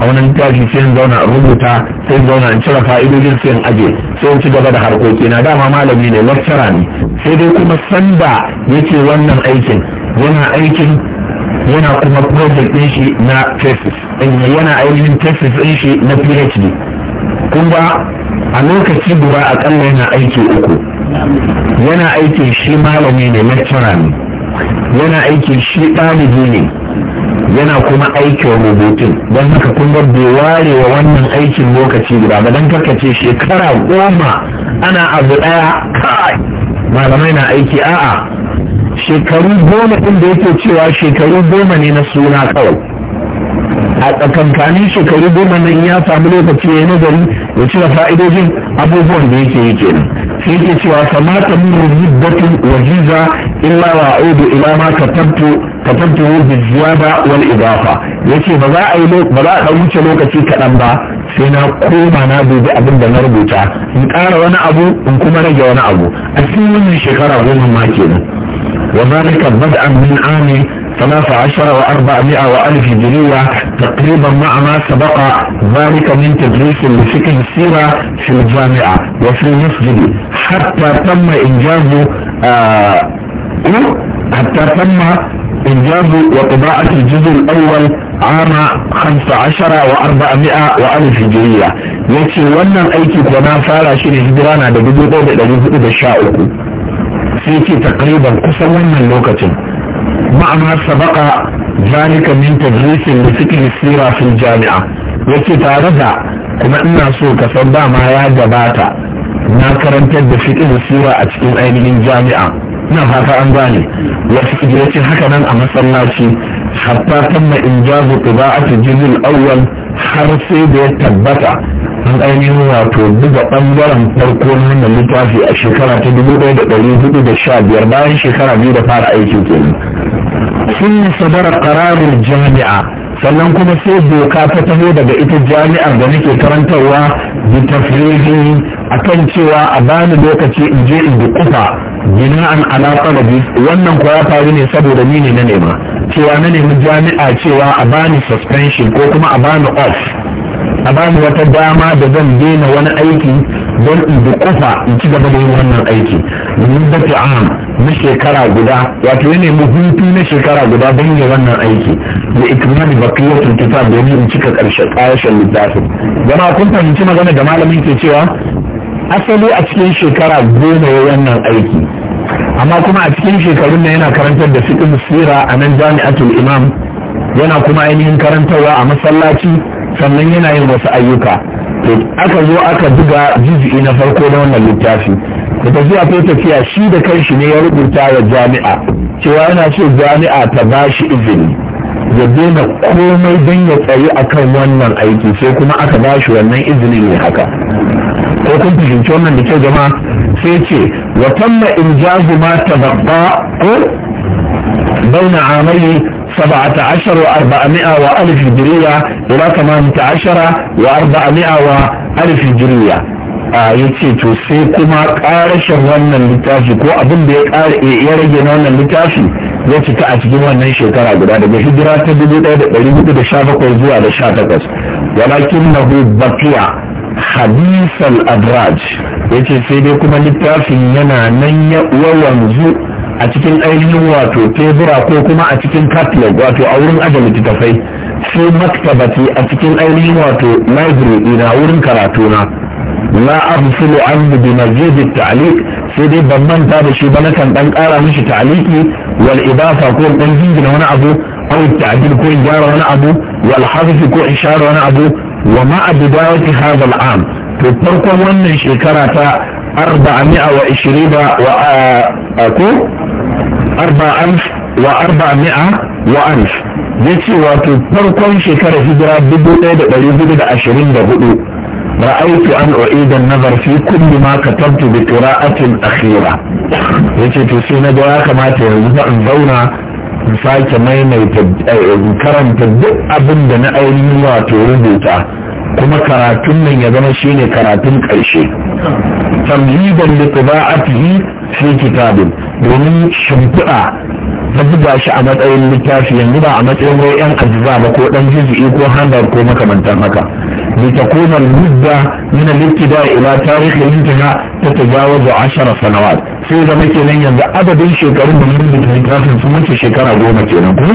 a wani littafi sai in zauna rubuta sai in zauna in cire fa'idojin sai in aje sai in ci gaba da harkoki na dama malami ne lecturer ne sai dai kuma sanda yake wannan aikin yana aikin yana kuma project ɗin shi na thesis yana ainihin thesis ɗin shi na phd kuma a lokaci guda akalla yana aiki uku yana aiki shi malami ne lecturer ne yana aiki shi ɗalibi ne yana kuma aikin rubutun don haka kun ga ware wa wannan aikin lokaci guda ba don karkace shekara goma ana abu daya kai malamai na aiki a'a shekaru goma ɗin da yake cewa shekaru goma ne na suna kawai a tsakankanin shekaru goma nan ya samu lokaci ya nazari ya cire fa'idojin abubuwan da yake yi kenan sai ke cewa kama ta muru muddatun wajiza illa wa audu ila ma katabtu katabtu bi ziyada wal idafa yace ba za a yi ba za a dan wuce lokaci kaɗan ba sai na koma na dubi abin da na rubuta in ƙara wani abu in kuma rage wani abu a cikin wannan shekara goma ma kenan wa zalika bad'an min ami ثلاث عشر وأربعمائة وألف هجرية تقريبا مع ما سبق ذلك من تدريس لفكر السيرة في الجامعة وفي المسجد حتى تم إنجاز آه حتى تم إنجاز وطباعة الجزء الأول عام 15 و400 وألف هجرية يتي ونن أيكي كنا فعل شيني هجرانا دا بدو قوة دا جزء دا شاوكو سيكي تقريبا قصة ونن لوكتن ma'ana sabaka zalika min tadrisin da suke sira fil jami'a yace tare da kuma ina so ka san dama ya gabata na karantar da fiqh sira a cikin ainihin jami'a na haka an gane wasu yace haka nan a masallaci hatta tamma injazu qira'ati juz'il awwal har sai da ya tabbata an ainihin wato buga ɓangaren farko na wannan littafi a shekara ta dubu ɗaya da ɗari hudu da sha biyar bayan shekara biyu da fara aiki kenan sun sadara ƙararin jami'a sannan kuma sai doka ta taho daga ita jami'ar da nake karantarwa da tafrihi akan cewa a bani lokaci in je in dukufa bina'an ala talabi wannan kuwa ya faru ne saboda ni ne na nema cewa na nemi jami'a cewa a bani suspension ko kuma a bani off a bani wata dama da zan daina wani aiki don in dukufa in ci gaba da yin wannan aiki muddati am na shekara guda wato ya nemi hutu na shekara guda don yin wannan aiki da ikmani bakiyatul kitab domin in cika karshe ƙayashin littafin zama kun fahimci magana da malamin ke cewa asali a cikin shekara goma ya wannan aiki amma kuma a cikin shekarun nan yana karantar da fiqh sira a nan jami'atul imam yana kuma ainihin karantarwa a masallaci sannan yana yin wasu ayyuka to aka zo aka buga jizi na farko na wannan littafi da zuwa ko tafiya shi da kanshi ne ya rubuta wa jami'a cewa yana so jami'a ta ba shi izini ya daina komai don ya tsayi akan wannan aiki sai kuma aka ba shi wannan izini ne haka ko kun fahimci wannan da kyau jama'a sai ce wa tamma injazu ma tabaqqa ko bauna amali سبعة عشر وأربعمائة وألف هجرية إلى ثمانية عشر وأربعمائة وألف هجرية ya ce to sai kuma ƙarashin wannan littafi ko abin da ya rage na wannan littafi ya cika a cikin wannan shekara guda daga hijira ta 1417 zuwa da 18 walakin na hu bakiya hadisal adraj ya ce sai dai kuma littafin yana nan ya a cikin ainihin wato tebura ko kuma a cikin catalog wato a wurin ajiye littattafai fi maktabati a cikin ainihin wato library ina wurin karatuna la absulu an bi mazid ta'liq sai dai ban manta da shi ba nakan dan kara mishi ta'liqi wal idafa ko dan jingina wani abu aw ta'dil ko in gyara wani abu wal hadith ko in share wani abu wa ma'a bidayati hadha al-am to farkon wannan shekara ta 420 wa ko arba wa arba mi'a wa alf ya ce wato farkon shekarar hijira dubu ɗaya da ɗari hudu da ashirin da hudu ra'aitu an u'ida nazarfi nazar fi kulli ma katabtu bi qira'atin akhira yace to sai na ga ya kamata yanzu fa in zauna in sake maimaita eh, karanta duk abin da na ainihin wato rubuta kuma karatun nan ya zama shine karatun ƙarshe tamhidan li qira'atihi fi kitabin domin shimfiɗa na buga shi a matsayin littafi yanzu ba a matsayin wai yan ajza ba ko dan juzu'i ko handar ko makamantan haka bi takuna al-mudda min al ila tarikh al-intiha tatajawazu 10 sanawat sai zama kenan yanzu adadin shekarun da mun rubuta littafin sun wuce shekara goma kenan ko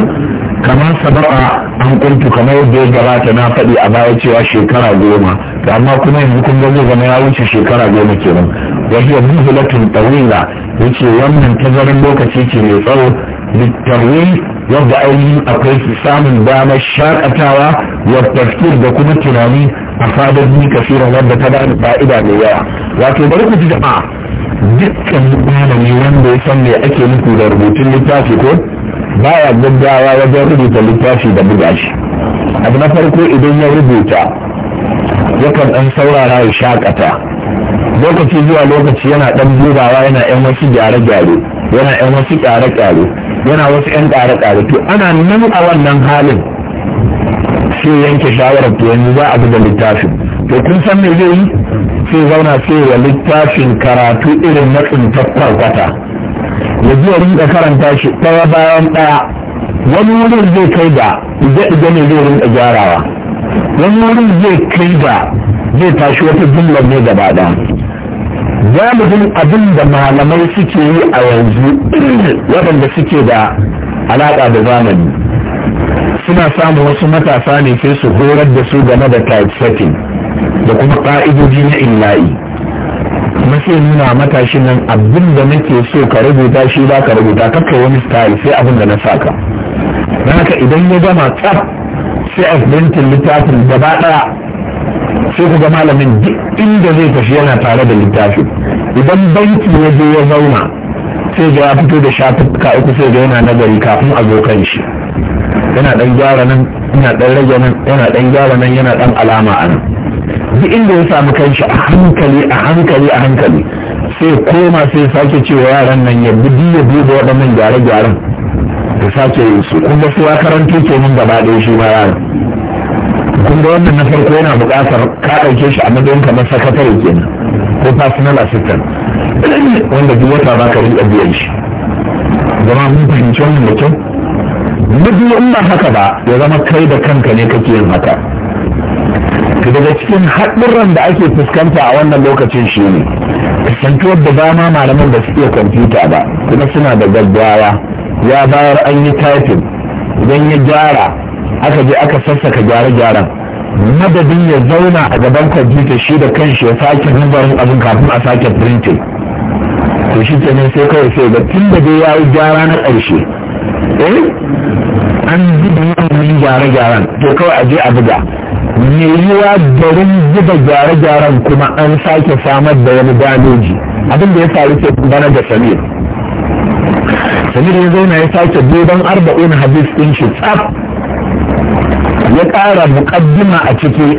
kamar sababa an kuntu kamar yadda ya gabata na faɗi a baya cewa shekara goma amma kuma yanzu kun ga zai zama ya wuce shekara goma kenan wahiya muhulatun tawila yace wannan tazarin lokaci ce mai tsawo littarwi yadda ainihin akwai samun damar shakatawa ya tafkir da kuma tunani a fadar ni kasiran wadda ta bani fa'ida mai yawa wato bari ku ji jama'a dukkan malami wanda ya san me ake nufi da rubutun littafi ko baya gaggawa wajen rubuta littafi da buga shi abu na farko idan ya rubuta yakan ɗan saurara ya shakata lokaci zuwa lokaci yana ɗan dubawa yana yan wasu gyare-gyare yana yan wasu ƙyare-ƙyare yana wasu yan ƙare-ƙare to ana nan a wannan halin sai yanke shawarar to yanzu za a buga littafin to kun san me zai yi sai zauna sai wa littafin karatu irin na tsintar kwata ya ji da karanta shi ɗaya bayan ɗaya wani wurin zai kai da zai ije ne zai rinka gyarawa wani wurin zai kai da zai tashi wata jimla ne gaba ɗaya galibin abin da malamai suke yi a yanzu [CLEARS THROAT] waɗanda suke da alaƙa da zamani suna samu wasu matasa ne sai su horar da su game da setting da kuma ƙa'idoji na illa'i kuma sai nuna matashin nan abin da nake so ka rubuta shi ba ka rubuta kakka wani style sai abin da na saka don haka idan ya gama tsaf sai a printin littafin gaba ɗaya sai ku ga malamin duk inda zai tafi yana tare da littafin idan banki ya je ya zauna sai ga ya fito da shafuka uku sai ga yana nagari kafin a zo kan shi yana ɗan gyara nan yana ɗan rage nan yana ɗan gyara nan yana ɗan alama a nan duk inda ya samu kanshi a hankali a hankali a hankali sai koma sai sake cewa yaran nan ya bi ya duba waɗannan gyare-gyaren da sake yi su kuma su ya karanto nan gaba ɗaya shi ma yaran kun ga wannan na farko yana buƙatar ka ɗauke shi a matsayin kamar sakatare kenan ko personal assistant wanda duk wata ba ka riƙa biyan shi zama mun fahimci wannan da kyau duk in ba haka ba ya zama kai da kanka ne kake yin haka daga cikin haɗurran da ake fuskanta a wannan lokacin shi ne fuskantuwar da dama malaman ba su iya kwamfuta ba kuma suna da gaggawa ya bayar an yi taifin, idan ya gyara aka je aka sassaka gyare-gyaren madadin ya zauna a gaban kwamfuta shi da kanshi ya sake nazarin abin kafin a sake printing to shi ne sai kawai sai ga tun da dai ya yi gyara na ƙarshe eh an bi da gyare-gyaren to kawai a je a buga mai yiwa garin zuba gyare-gyaren kuma an sake samar da wani damoji abin da ya faru ke bana da samir samir ya zauna ya sake duban arba'in hadis ɗin shi tsaf ya ƙara muƙaddima a ciki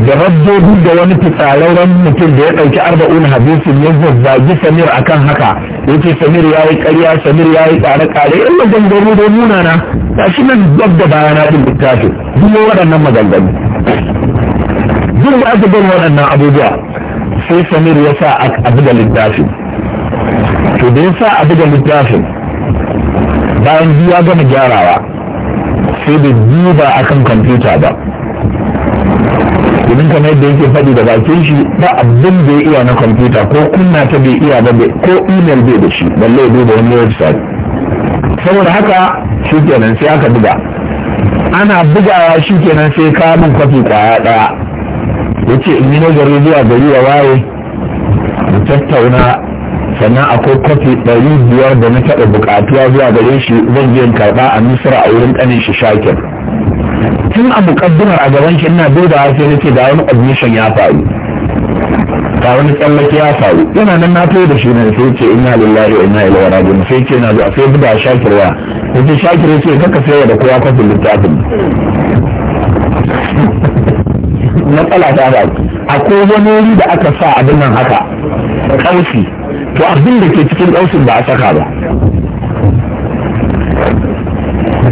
da raddodin da wani fitsararren mutum da ya ɗauki arba'un hadisin ya zazzagi samir akan haka ya ce samir ya yi ƙarya samir ya yi ƙare-ƙare yan maganganu da munana ga shi nan dab da bayana ɗin littafi duk waɗannan maganganu duk ba aka bin waɗannan abubuwa sai samir ya sa a da littafin to da ya sa a da littafin bayan ya gama gyarawa sai da duba akan kwamfuta ba domin kamar yadda yake faɗi da bakin shi ba abin da ya iya na kwamfuta ko kunna ta bai iya ba ko email bai da shi balle duba wani website saboda haka shi kenan sai aka buga ana bugawa shi kenan sai ka kwafi kwaya ɗaya ya ce in yi nazari zuwa gari wa waye da tattauna sannan akwai kwafi ɗari biyar da na taɓa buƙatuwa zuwa gare shi zan je in karɓa a misira a wurin ƙanin shi shakin tun a mukaddimar a gaban shi ina dubawa sai nace da wani admission ya faru ga wani tsallake ya faru yana nan na da shi ne sai ce ina lillahi wa inna ilaihi raji'un sai ce na zuwa sai buga shakir wa yace shakir yace kaka sai da kowa kafin littafin matsala ta ba a wani wuri da aka sa abin nan haka ƙarfi, to abin da ke cikin kausin ba a saka ba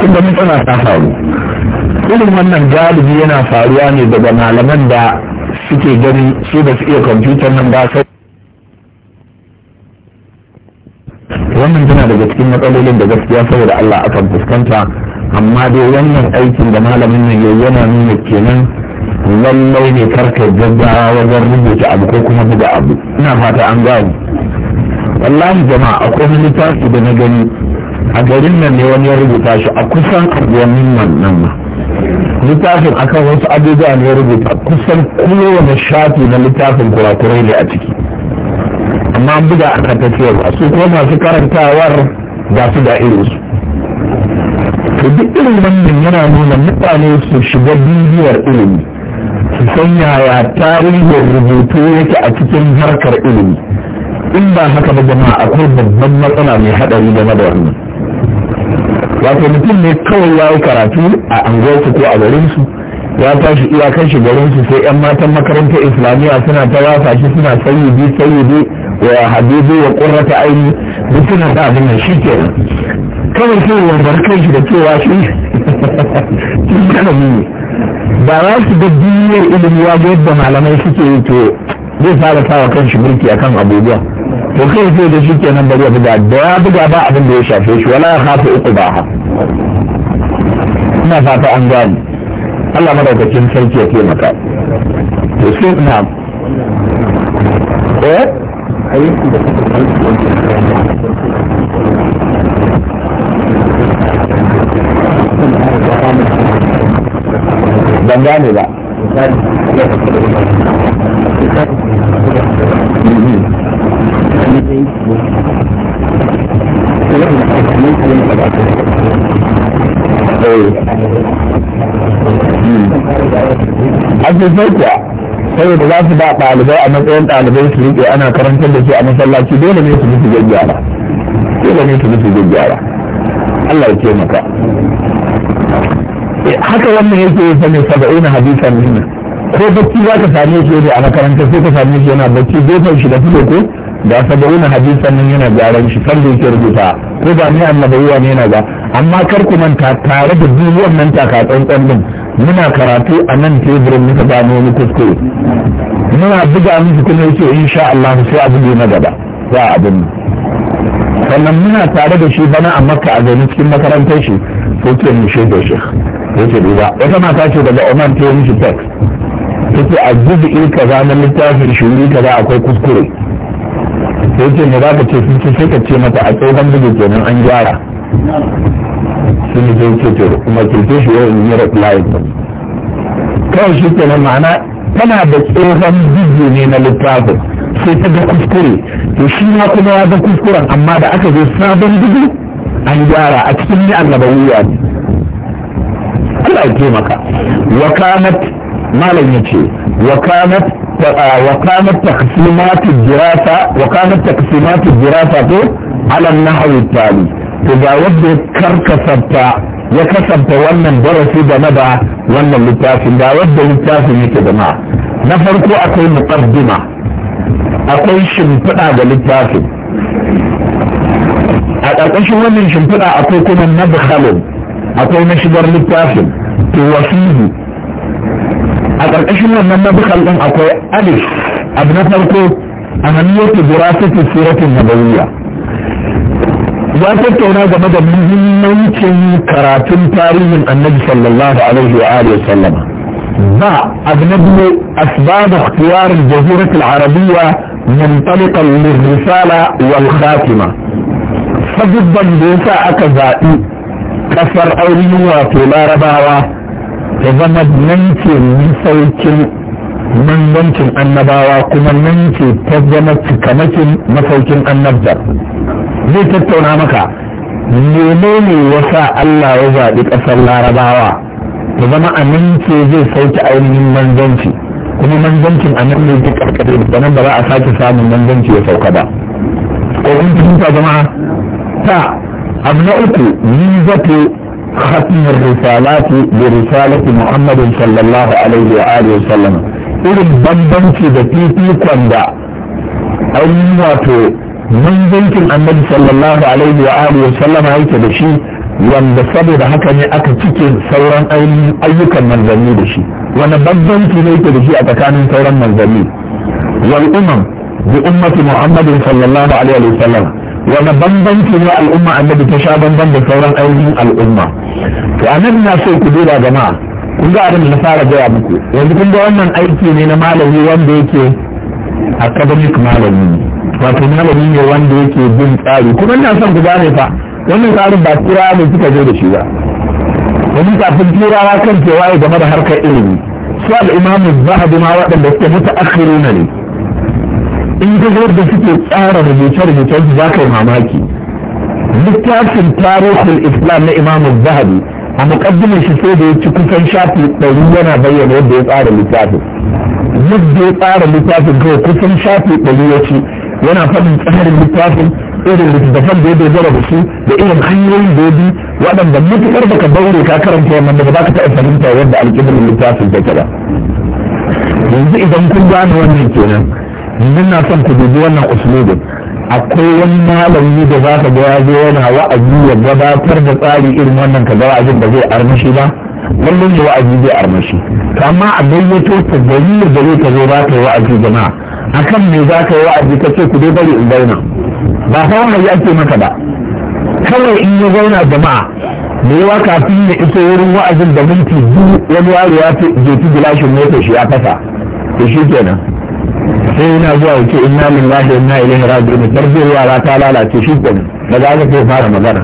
kun da tana ta faru irin wannan galibi yana faruwa ne daga malaman da suke gani su da su iya kwamfutar nan ba sai wannan tana daga cikin matsalolin da gaskiya saboda Allah akan fuskanta amma dai wannan aikin da malamin nan yau yana nuna kenan lallai ne karka gaggawa wajen rubuta abu ko kuma buga abu ina fata an gano wallahi jama'a akwai wani tasu da na gani a garin nan ne wani ya rubuta shi a kusan abuwannin nan nan ma littafin akan wasu abubuwa ne ya rubuta kusan kowane shafi na littafin kurakurai ne a ciki amma an buga aka ta cewa su kuma masu karantawar ga su da su to duk irin wannan yana nuna mutane su shiga bibiyar ilimi su san yaya tarihin rubutu yake a cikin harkar ilimi in ba haka ba jama'a akwai babban matsala mai haɗari da wannan wato mutum ne kawai ya yi karatu a unguwarsu ko a garinsu ya tashi iyakar shi garinsu sai yan matan makarantar islamiyya suna ta wasa shi suna sayyidi sayyidi wa habibu wa qurrata aini duk suna da abin nan shi ke kawai sai wanzar kai shi da cewa shi shi [LAUGHS] kana ne ba za su da duniyar ilimi wajen yadda malamai suke yi to zai fara sawa kan shi mulki akan abubuwa to kai sai da shi kenan bari ya buga da ya buga ba abin da ya shafe shi wala ya kafa uku ba ha ina fata an gani Allah madaukakin sarki ya taimaka to sai ina eh ban gane ba المسيح Abin sauƙiya, sai da za su ba ɗalibai a matsayin ɗalibai su riƙe ana karantar da su a masallaci dole ne su musu gaggara. Dole ne su musu gaggara. Allah ya ce maka. Haka wannan yake yi sani saba'in hadisan nuna. Ko bacci za ka same shi a makarantar sai ka same shi yana bacci gefen shi da fito ko da wani hadisan nan yana gyaran shi kan da yake rubuta ko ba ni annabawa ne yana ba amma kar ku manta tare da duk wannan taka tsantsan din muna karatu a nan teburin muka gano wani kuskure muna buga musu kuma yake insha Allah sai a buge na gaba za a abin sannan muna tare da shi bana a makka a gani cikin makarantar shi ko ke mu da shi yake duba wata mata ce daga Oman ta yi mishi text take a gudu in kaza na littafin shuri kaza akwai kuskure da yake ne za ka ce sun ce sai ka ce mata a tsohon da ke nan an gyara sun ne zai ce to kuma ce shi yau in yi reply kawai shi kenan ma'ana tana da tsohon bugu ne na littafin sai ta ga kuskure to shi ma kuma ya ga kuskuren amma da aka zo sabon bugu an gyara a cikin ni annabawiya ne Allah ya taimaka wa kanat malam ya ce wa kanat وكانت تقسيمات الدراسة وكانت تقسيمات الدراسة على النحو التالي إذا ود كركسبت يكسبت وانا درس إذا ندع وانا لتاس إذا ود لتاس ما نفرك أكو مقدمة أكو شمتنا لتاس أكو شمتنا أكو كنا ندخل أكو نشدر لتاس توفيه أنا اگر احنا من نبخل ان اقوى الف ابن فرقو امنية دراسة السورة النبوية وقت تونا جمد من نوچن كراتن تاريخ النبي صلى الله عليه وآله وسلم ما اجنبه اسباب اختيار الجزيرة العربية منطلقا للرسالة والخاتمة فجدا بوسا اكذائي كسر اولي وفي ما رباوه ya zama nan ke masaukin manzancin annabawa kuma nan ke ta zama cikamakin masaukin annabda zai tattauna maka menene yasa Allah ya zaɓi ƙasar larabawa ya zama a nan ke zai sauke ainihin manzanci kuma manzancin a nan ne ke ƙarƙare da nan ba za a sake samun manzanci ya sauka ba ko kun fahimta jama'a ta abu na uku ni zato ختم الرسالات برسالة محمد صلى الله عليه وآله وسلم irin bambanci da fifikon da ainihin wato manzancin annabi sallallahu alaihi wa alihi wasallam yake da shi wanda saboda haka ne aka cike sauran ayyukan manzanni da shi wani bambanci ne yake da shi a tsakanin sauran manzanni wal umam bi ummati muhammadin sallallahu alaihi wa sallam wani bambanci ne al'umma annabi ta sha bamban da sauran ainihin al'umma to annabi na so ku duba jama'a kun ga abin da na fara gaya muku yanzu kun ga wannan aiki ne na malami wanda yake academic malami wato malami ne wanda yake bin tsari kuma ina son ku gane fa wannan tsarin ba kira ne suka zo da shi ba Wani kafin turawa kan cewa game da harkar ilimi su al'imamu zahabi ma waɗanda suke mutu akhiruna ne in ga yadda suke tsara rubuce-rubucen su za ka yi mamaki littafin tarihul islam na imam zahabi a muƙaddimin shi sai da ya ci kusan shafi ɗari yana bayyana yadda ya tsara littafin yadda ya tsara littafin kawai kusan shafi ɗari ya ci yana faɗin tsarin littafin irin littattafan da ya dogara da su da irin hanyoyin da ya bi waɗanda da ka daure ka karanta yamma da ba za ka taɓa fahimta yadda alƙibirin littafin take ba yanzu idan kun gane wannan kenan yanzu na son ku dubi wannan usulubin akwai wani malami da za ka ga ya zo yana wa'azi ya gabatar da tsari irin wannan ka ga wa'azin da zai armashi ba lallai ne wa'azi zai armashi to amma a gayyato ta gari da zai ka zo ba ka yi wa'azi jama'a akan me za ka yi wa'azi ka ce ku dai bari in zauna ba fa wahayi ake maka ba kawai in ya zauna jama'a me yawa kafin ya iso wurin wa'azin da minti biyu wani wari ya je ci gilashin motar shi ya fasa to shi kenan sai yana zuwa yake inna lillahi wa inna ilaihi raji'un tarbiyyar yara ta lalace shi ko da za ka sai fara magana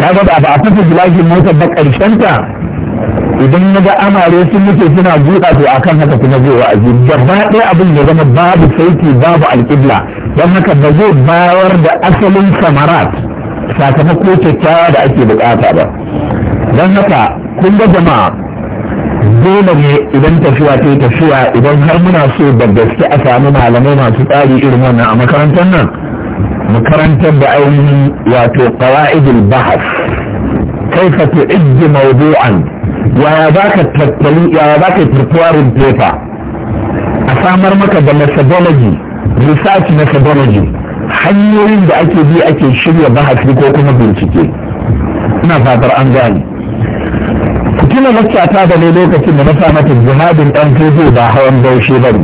ta ga ba a fasa gilashin motar ba karshen ta idan na ga amare sun mutu suna buɗa to akan haka kuma zai wa'azi gaba ɗaya abin da zama babu sauti babu alƙibla don haka ba zai bayar da asalin samarat sakamako kyakkyawa da ake buƙata ba don haka kun ga jama'a dole ne idan tafiya ta tafiya idan har muna so da gaske a sami malamai masu tsari irin wannan a makarantar nan makarantar da ainihin wato qawaidul bahas kaifa tu'iddu mawdu'an yaya ka tattali yaya ka preparing paper a samar maka da methodology research methodology hanyoyin da ake bi ake shirya bahasi ko kuma bincike ina fatar an gane gina lakcata da ne lokacin da na sa mata jihadin ɗan tozo ba hawan daushe ba ne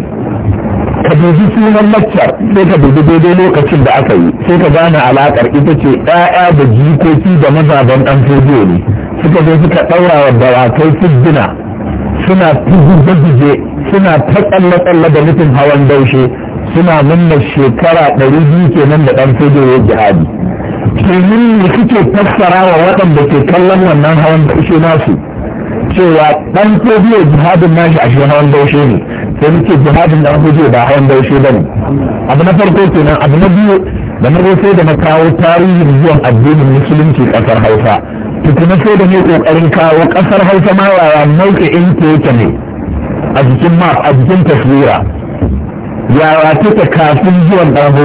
ka dubi sunan lakcar sai ka dubi daidai lokacin da aka yi sai ka gane alaƙar ita ce ɗaya da jikoki da mazaban ɗan tozo ne suka zo suka ɗaura wa dawakai fudduna suna tuzubbe suna ta tsalle-tsalle da nufin hawan daushe suna nuna shekara ɗari biyu kenan da ɗan tozo ya jihadi domin ne suke fassara wa waɗanda ke kallon wannan hawan da nasu cewa dan kodiyo jihadin nashi a shi hawan daushe ne sai muke jihadin da huje ba hawan daushe ba ne abu na farko kenan abu na biyu da na sai da na kawo tarihin zuwan addinin musulunci kasar hausa tukuna sai da ne kokarin kawo kasar hausa ma yaya nau'i'in ke ne a jikin map a jikin taswira yaya take kafin zuwan dan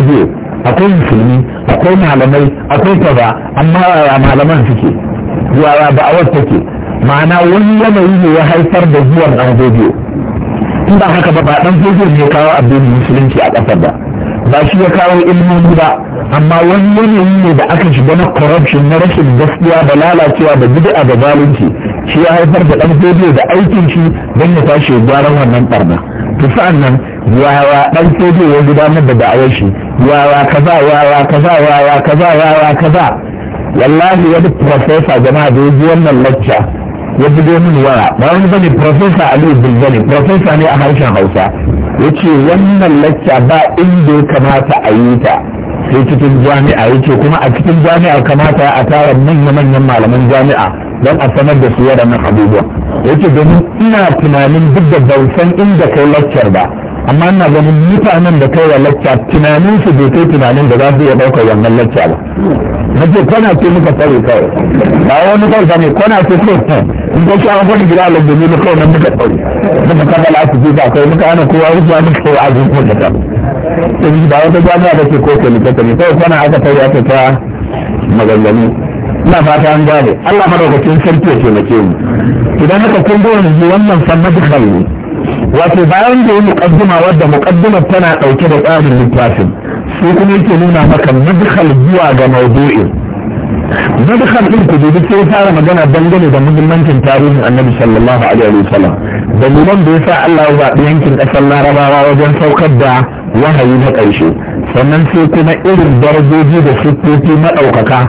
akwai musulmi akwai malamai akwai kaza amma yaya malaman suke yaya da'awar take ma'ana wani yanayi ne ya haifar da zuwan ɗan gobe in ba haka ba ba ɗan gobe ne kawo addinin musulunci a ƙasar ba ba shi ya kawo ilmomi ba amma wani yanayi ne da aka shiga na corruption na rashin gaskiya da lalacewa da bid'a da zalunci shi ya haifar da ɗan gobe da aikin shi don ya tashi gyaran wannan ɓarna to sa'an nan yawa ɗan gobe ya gudanar da da'awar shi yawa kaza yawa kaza yawa kaza yawa kaza wallahi wani profesa jama'a da ya ji wannan lacca ya bido min waya ba wani bane profesa aliyu bilbani profesa ne a harshen hausa ya ce wannan lacca ba inda ya kamata a yi ta sai cikin jami'a ya ce kuma a cikin jami'a kamata a tara manya-manyan malaman jami'a don a sanar da su waɗannan abubuwa ya ce domin ina tunanin duk da ban san inda kai laccar ba amma ina ganin mutanen da kai wa lacca tunanin su bai kai tunanin da za su iya ɗaukar wannan lacca ba na ce kwana ce muka tsare kawai ba wani kawai ne kwana ce kawai in ka kyawa wani gida alam da zuwa kawai nan muka tsare muka kama la'asu ba kai muka ana kowa rufuwa muka kai a zuwa muka ta sai ba wata jami'a da ke ko ke likata ne kawai kwana aka tsare aka ta maganganu ina fata an gane Allah madaukakin sarki ya taimake mu idan haka kun ga yanzu wannan fa madkhal ne wato bayan da yi muƙaddima wadda muƙaddimar tana ɗauke da tsarin littafin su kuma yake nuna maka madhal zuwa ga maudu'in madhal ɗin ku dubi sai fara magana dangane da muhimmancin tarihin annabi sallallahu alaihi wa sallam dalilan da yasa Allah ya zaɓi yankin ƙasar larabawa wajen saukar da wahayi na ƙarshe sannan sai kuma irin darajoji da siffofi maɗaukaka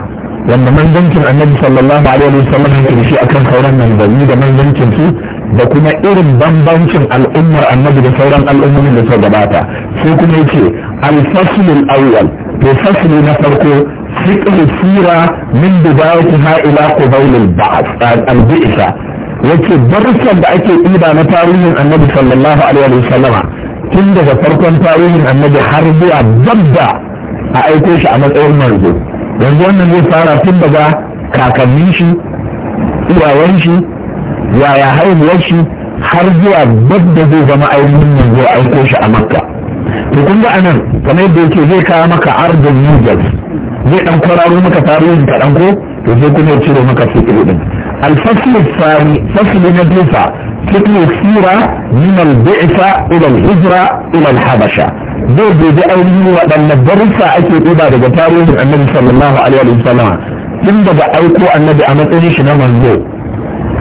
wanda manzancin annabi sallallahu alaihi wa sallam yake shi akan sauran manzanni da manzancin su da kuma irin bambancin al'ummar annabi da sauran al'ummomin da suka gabata sai kuma yace al-faslul awwal to fasli na farko fiqh sura min bidayatiha ila qawl al-ba'th al-bi'sa yace darsan da ake ɗiba na tarihin annabi sallallahu alaihi wa sallama tun daga farkon tarihin annabi har zuwa dabba a aiko shi a matsayin manzo yanzu wannan zai fara tun daga kakannin shi iyawan shi yaya haihuwar shi har zuwa dabda zai zama ainihin manzo aiko shi a makka to kun ga anan kamar yadda yake zai kawo maka arzin nijaz zai dan kwararo maka tarihin kaɗan ko to sai kuma ya cire maka fikiri din الفصل الثاني فصل نجفة فصل السيرة من البعثة إلى الهجرة إلى habasha zai gobe ainihin waɗannan darussa ake ɗiba daga tarihin annabi sallallahu alaihi wa sallam tun daga aiko annabi a matsayin shi na manzo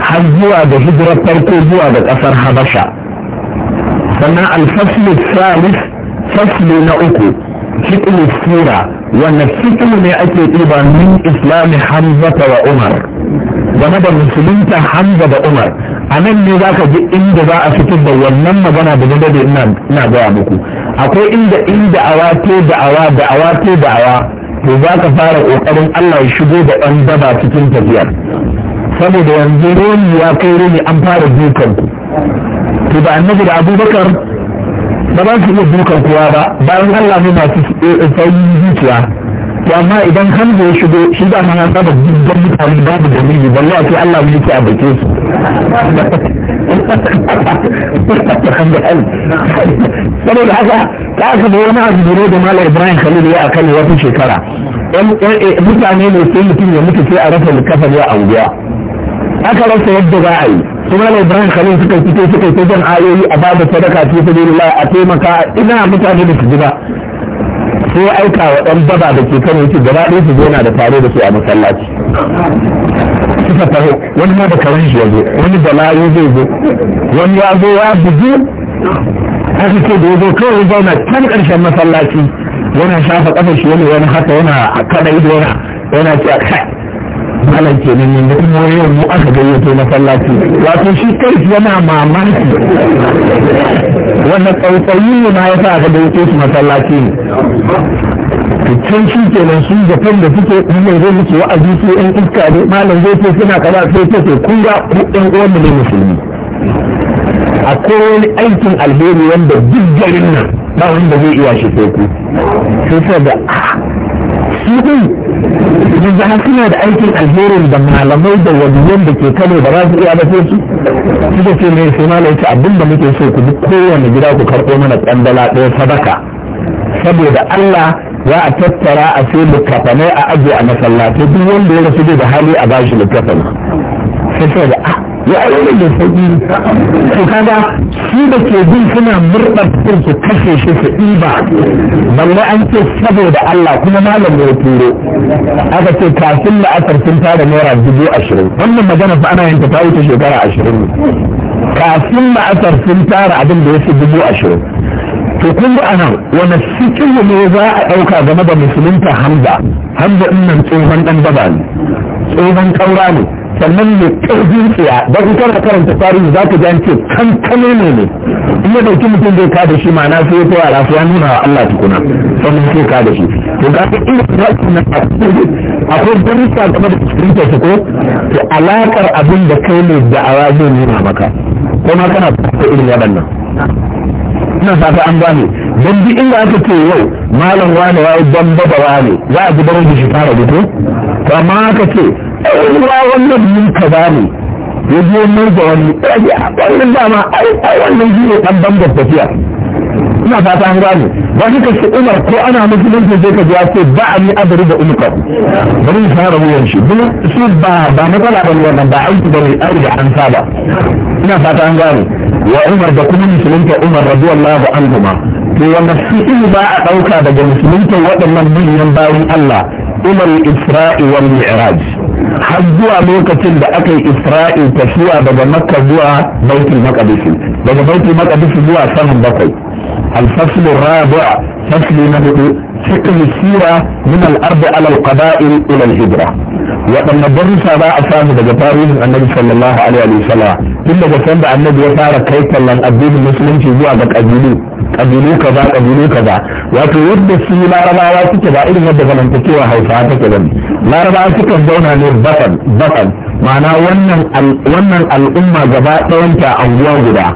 har zuwa da hijirar farko zuwa da kasar habasha sannan alfaslu salis fasli na uku fiƙin sura wannan fiƙin ne ake ɗiba min islami hamzata wa umar game da musulunta hamza da umar a nan ne za ka ji inda za a fitar da wannan magana da na da ina gaya muku akwai inda inda awa te da awa da awa te da awa to za ka fara ƙoƙarin allah ya shigo da ɗan daba cikin tafiyar saboda yanzu roni ya kai roni an fara dukan ku to da annabi da abubakar ba za su iya dukan kuwa ba bayan allah ne masu eh, sauyin zuciya to amma idan hamza ya shigo shi da mana saba dubban mutane babu da dalili balle a ce allah ne yake a bake su saboda haka ta aka da wani abu da mala ibrahim khalil ya a akan wata shekara eh, mutane ne sai mutum ya mutu sai a rasa likafar ya wuya. aka rasa yadda za a yi su mala ibrahim khalil suka fito suka yi jan ayoyi a babu sadaka fi sabilillah a taimaka ina mutane da su ji ba sai aika wa ɗan daba da ke kan yake gaba ɗaya su zo na da tare da su a masallaci suka taho wani ma da karan shi yazo wani da layu zai zo wani ya zo ya bugu haka ce da ya zo kawai zauna can ƙarshen masallaci yana shafa ƙafar shi wani wani haka yana kada ido yana yana ce malam kenan yanzu kuma yau mu aka gayyato masallaci wato shi kai yana mamaki wanda tsautsayi ne ma yasa aka gayyato su masallaci ne can shi kenan su japan da suke mai zai muke wa'azi su yan iska ne malam zai ce suna kaza sai ta ce kun ga yan uwan ne musulmi a wani aikin alheri wanda duk garin nan ba wanda zai iya shi sai ku sai da shi ne yanzu suna da aikin alherin da malamai da waliyan da ke kano ba za su iya ba su suka ce mai sai mala ya abin da muke so ku bi kowane gida ku karɓo mana tsandala ɗaya sadaka saboda Allah za a tattara a sai littafanai a ajiye a masallatai duk wanda ya rasu da hali a bashi littafin sai sai da ya aure da sauƙi su kaga su da ke bin suna murɗar sun su kashe shi su ɗiba balle an ce saboda Allah kuma malam ya turo aka ce kafin da asar sun tara naira dubu ashirin wannan magana fa ana yin ta wuce shekara ashirin kafin da asar sun tara abin da ya fi dubu ashirin to kun ga ana wani sikiyu ne za a ɗauka game da musulunta hamza hamza ɗin nan tsohon ɗan daba ne tsohon ƙaura ne sannan mai ƙarfin tsaya ba kun kana karanta tarihi za ka jan ce kankane ne ne in ya dauki mutum zai kada shi ma'ana sai ya tawara ya nuna wa Allah tukuna sannan sai kada shi to ga ta ina za su na akwai darussa game da cikin ta ko to alakar abin da kai ne da awa zai nuna maka ko ma kana fata irin nan ina ta an gane don duk inda aka ce yau malam wane ya yi da wane za a ji barin shi fara fito to amma aka ce ɗaurin ma wannan mun ka ba ne ya je mai da wani ɗage a wannan dama ai ai wannan shi ne ɗan bangar tafiya ina fata an gane ba shi kashe umar ko ana musulunci sai ka ji ce ba a ni adari da umar bari mu fara wuyan shi kuma su ba ba matsala ba ne wannan ba aiki ba ne an da an saba ina fata an gane wa umar da kuma musulunta umar radiyallahu anhu ma to wanda su ba a ɗauka daga musulunta waɗannan manyan bayan Allah umar isra'i wal mi'raj har zuwa lokacin da aka yi isra'il tafiya daga makka zuwa baitul maqdis daga baitul maqdis zuwa sanan bakwai al-fasl ar rabi' fasl na hudu fiqh sira min al-ard ala al-qaba'il ila al-hijra ba a samu daga tarihin annabi sallallahu alaihi wa sallam tun daga sanda annabi ya fara kai kallon addinin musulunci zuwa ga kabilu kabilu kaza kabilu kaza wato yadda su larabawa suke ba irin yadda zamantakewa hausa take bane larabawa sukan zauna ne bakan bakan ma'ana wannan al'umma gaba ta anguwa guda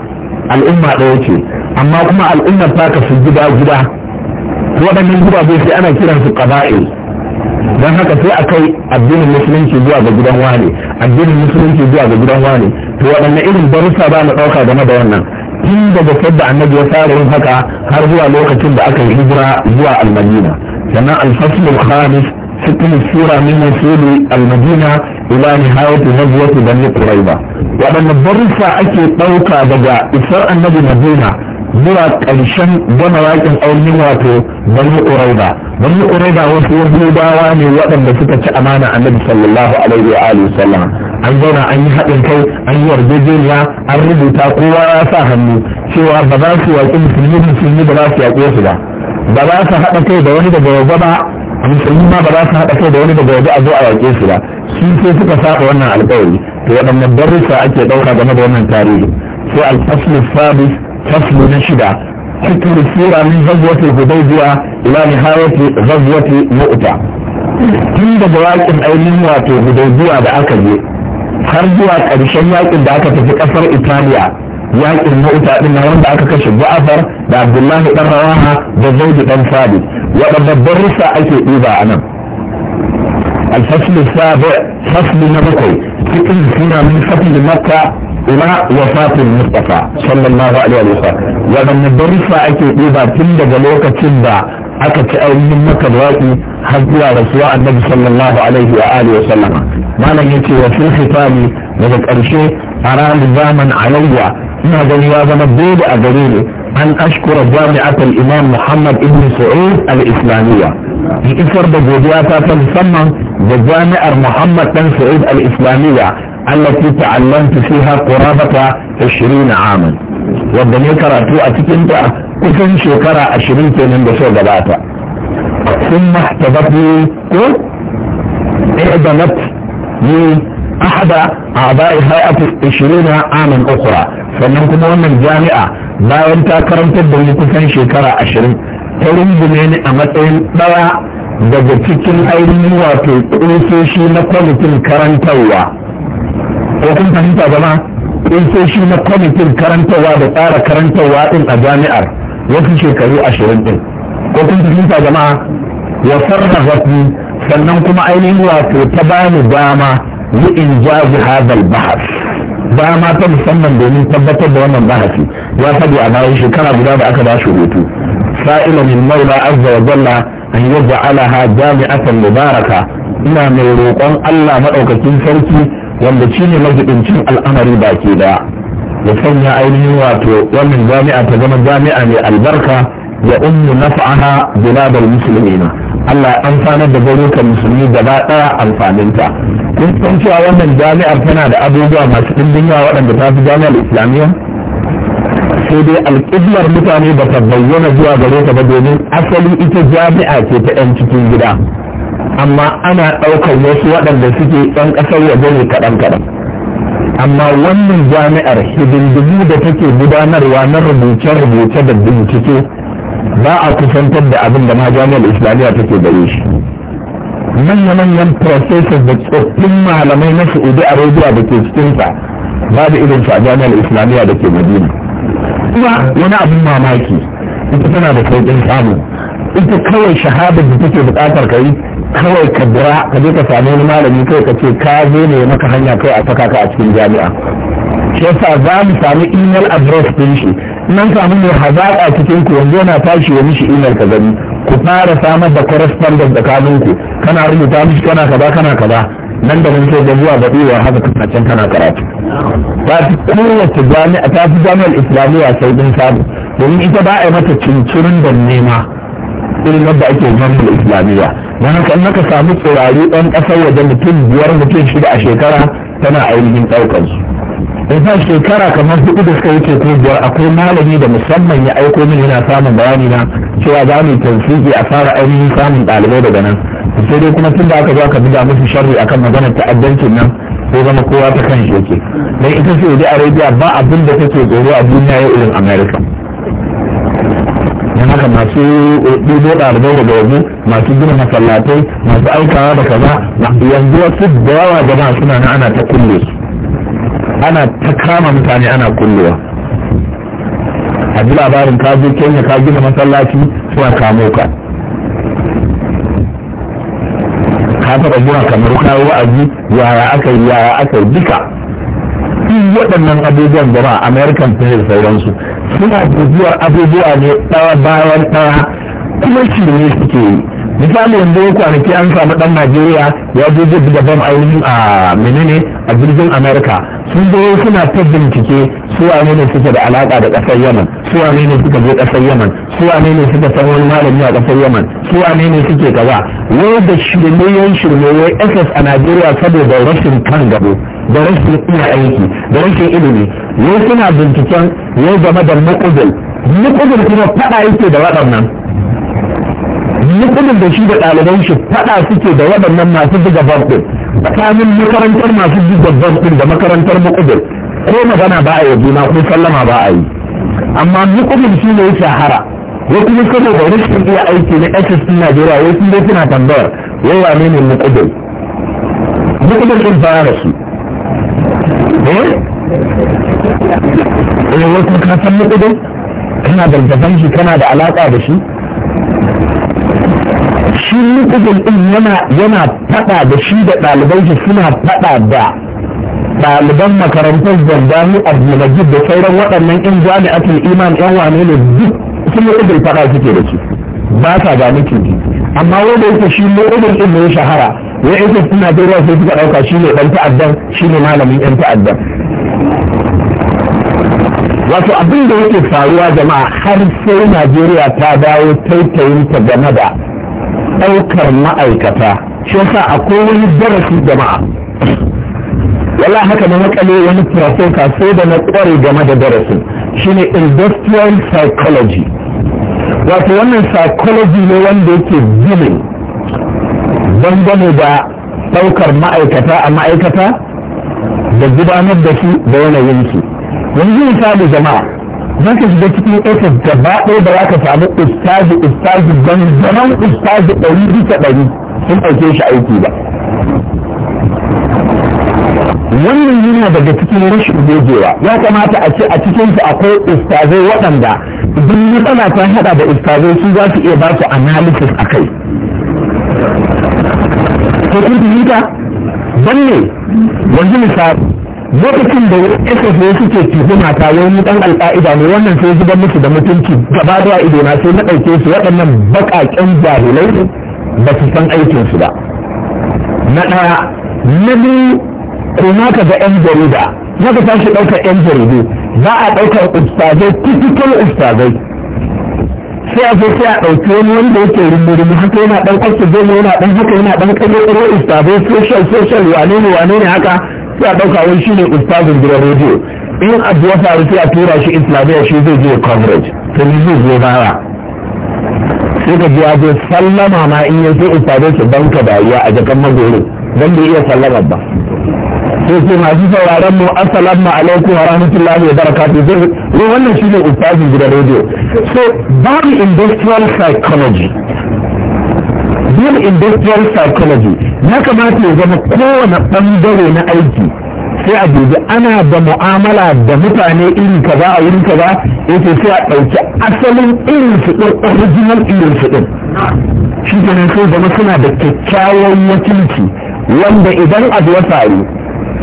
al'umma ɗaya ce amma kuma al'ummar ta kasu gida gida waɗannan gidaje sai ana su ƙaba'i don haka sai a kai addinin musulunci zuwa ga gidan wane addinin musulunci zuwa ga gidan wane to waɗanne irin barusa ba na ɗauka game da wannan tun daga sadda annabi ya fara yin haka har zuwa lokacin da aka yi hijira zuwa almadina sannan alfaslul khamis cikin sura min wasuli almadina ila nihayati nazwati bani quraiba waɗanne barusa ake ɗauka daga isar annabi madina zuwa ƙarshen gama yakin ainihin wato bani uraiba bani uraiba wasu yahudawa ne waɗanda suka ci amana annabi sallallahu alaihi wa alihi sallam an zauna an yi haɗin kai an yi yarjejeniya an rubuta kowa ya sa hannu cewa ba za su yaƙi musulmi musulmi ba za su yaƙi wasu ba ba za su haɗa kai da wani daga waje ba musulmi ma ba za su haɗa kai da wani daga waje a zo a yaƙe su ba shi sai suka saba wannan alƙawari to waɗannan darussa ake ɗauka game da wannan tarihi sai alfasul sabis فصل نشدة تكمل السيرة من غزوة الهديبية إلى نهاية غزوة مؤتة تم دوائك إم أي نموة الهديبية بأكد خرجوا أرشان يأك إن دعاك في أثر إطاليا يأك إن مؤتة إن هرم دعاك كشب وأثر بعبد الله إن رواها بزوج بن ثابت وقد برسا أيك إذا أنا الفصل السابع فصل نبكي تكمل السيرة من فصل مكة ila wafatin mustafa sallallahu alaihi wa sallam wadanne darussa ake ɗiba tun daga lokacin da aka ci ainihin maka waƙi har zuwa rasuwa annabi sallallahu alaihi wa alihi wa sallam malam yace wa fil daga ƙarshe ara zaman alayya ina gani ya zama dole a gare ni an ashkura al imam muhammad ibn su'ud al-islamiyya isar da godiya ta musamman ga jami'ar muhammad dan sa'id al-islamiyya التي تعلمت فيها قرابة عشرين عاما ودني قرأت أتكنت كفن شكرا عشرين من بسوء ثم احتضتني اعدمت من أحد أعضاء هيئة عشرين عاما أخرى sannan kuma wannan jami'a bayan ta karanta da wani kusan shekara ashirin ta rungume ni a matsayin ɗaya daga cikin ainihin wato ƙunsoshi na kwamitin karantarwa ko kun fahimta jama'a shi na kwamitin karantarwa da tsara karantarwa din a jami'ar wasu shekaru ashirin din ko kun fahimta jama'a wa sarrafa sannan kuma ainihin wato ta bani dama yi in jazi hadal bahas dama ta musamman domin tabbatar da wannan bahasi ya faɗi a bayan shekara guda da aka ba shi hutu sa'ila min maula azza wa jalla an yaj'alaha jami'atan mubaraka ina mai roƙon Allah maɗaukacin sarki wanda shi ne majibincin al'amari baki daya ya sanya ainihin wato wannan jami'a ta zama jami'a mai albarka ya ummu nafa'aha biladal muslimina Allah an sanar da garurukan musulmi gaba daya amfaninta kun san cewa wannan jami'ar tana da abubuwa masu dimbin yawa waɗanda ta fi jami'ar islamiyya sai dai alƙiblar mutane ba ta bayyana zuwa gare ta ba domin asali ita jami'a ce ta 'yan cikin gida amma ana ɗaukar wasu waɗanda suke ɗan ƙasar waje ne kaɗan-kaɗan amma wannan jami'ar hidindimu da take gudanarwa na rubuce-rubuce da bincike ba a kusantar da abin da ma jami'ar islamiyya take gare shi manya-manyan professors da tsoffin malamai na a arabia da ke cikinsa da irin su a jami'ar islamiyya da ke madina kuma wani abin mamaki ita tana da sauƙin samu ita kawai shahadar da take buƙatar ka kawai ka dira ka je ka sami wani malami kai ka ce ka zo ne maka hanya kai a saka ka a cikin jami'a shi yasa za mu sami email address din shi nan samu ne hazaƙa cikin ku yanzu yana tashi ya mishi email ka gani ku fara samar da correspondence kanun ku kana rubuta mishi kana kaza kana kaza nan da mun da zuwa baɗi wa haka kana can kana karatu ta fi kowace jami'a ta fi jami'ar islamiyya sai din sabu domin ita ba a yi mata cincirin da nema irin yadda ake da islamiyya don haka in ka samu tsirari ɗan ƙasar waje mutum biyar mutum shida a shekara tana ainihin ɗaukar su in shekara kamar hudu da suka wuce ko biyar akwai malami da musamman ya aiko min yana samun bayani na cewa za mu tansiki a fara ainihin samun ɗalibai daga nan sai dai kuma tunda aka zo aka buga musu sharri akan maganar ta'addancin nan ko zama kowa ta kan shi yake dan ita ce Saudi Arabia ba abin da take tsoro a duniya yau irin America don haka masu eh, ɗibo ɗalibai daga waje masu gina masallatai masu aikawa da kaza yanzu wasu da yawa da suna na ana ta kulle ana ta kama mutane ana kullewa a ji labarin ka je kenya ka gina masallaci suna kamo ka ka taɓa zuwa kamar kawo wa'azi yaya aka yi yaya aka yi duka duk waɗannan abubuwan jama'a american ta yin sauransu suna guguwar abubuwa ne ɗaya bayan ɗaya kuma shi ne suke yi misali yanzu ya kwanaki an samu dan najeriya ya je zai da bam ainihin a menene a jirgin amerika sun zo suna ta bincike su wane ne suke da alaka da kasar yaman su wane ne suka je kasar yaman su wane ne suka san wani malami a kasar yaman su wane ne suke kaza wai da shirmeyen shirmeyen ss a najeriya saboda rashin kan gabo da rashin ina aiki da rashin ilimi wai suna binciken yau game da mukudul mukudul kuma fada yake da waɗannan mutumin da shi da ɗaliban shi faɗa suke da waɗannan masu buga bambin tsakanin makarantar masu buga bambin da makarantar mukubin ko magana ba a yi juna ko sallama ba a yi amma mukubin shi ne ya shahara ya kuma saboda rashin iya aiki na ss najeriya ya kuma suna tambayar wai wane ne mukubin mukubin ɗin baya da su eh, eh wasu ka san mukubin kana da shi kana da alaƙa da shi shi nukubul din yana yana fada da shi da ɗalibai shi suna fada da ɗaliban makarantar zardani abdulmajid da sauran waɗannan in jami'atul iman yan wane ne duk sun nukubul fada suke da shi ba sa gane kinki amma wanda yake shi nukubul din ne shahara ya yake suna da ruwa sai suka ɗauka shi ne ɗan ta'addan shi ne malamin yan ta'addan wato abin da yake faruwa jama'a har sai najeriya ta dawo taitayinta game da ɗaukar ma'aikata shi yasa akwai wani darasi jama'a wala haka na makale wani profesa sai da na ƙware game da darasin shine industrial psychology wato wannan psychology ne wanda yake ginin dangane da ɗaukar ma'aikata a ma'aikata da gudanar da su da yanayinsu yanzu misali jama'a zan ka shiga cikin ofis gaba ɗaya da za ka samu ustazi ustazi don zaman ustazi ɗari bisa ɗari sun ɗauke shi aiki ba wannan yana daga cikin rashin gogewa ya kamata a ce a cikin su akwai ustazai waɗanda yi matsala ta haɗa da ustazai su za su iya ba su analysis a kai ko kun fahimta don ne yanzu misali lokacin da yake zo suke tuhuma ta wani dan alƙa'ida ne wannan sai zuba musu da mutunci gaba da ido na sai na ɗauke su waɗannan baƙaƙen jahilai ba su san aikin su ba na ɗaya na biyu kuma ka ga yan jarida na ka tashi ɗaukar yan jaridu Za a ɗaukar ustazai typical ustazai sai a zo sai a ɗauki wani wanda yake rumurumi haka yana ɗan kwasta zai yana ɗan haka yana ɗan ƙarfi ƙarfi ustazai social social wane ne wane ne haka sai a wai wani shine ustazin gidan rediyo in abu ya faru sai a tura shi islamiyya shi zai je coverage to ni zai zo baya sai ka biya zai sallama ma in ya sai ustazin su banka dariya a jakan magoro don bai iya sallama ba sai sai masu sauraron mu assalamu alaikum wa rahmatullahi wa barakatuh zai wannan shine ustazin gidan rediyo so babu industrial psychology bin industrial psychology ya kamata ya zama kowane ɓangare na aiki sai a dubi ana da mu'amala da mutane irin kaza a wurin kaza yake sai a ɗauki asalin irin su ɗin original irin su ɗin shi nan sai zama suna da kyakkyawan wakilci wanda idan abu ya faru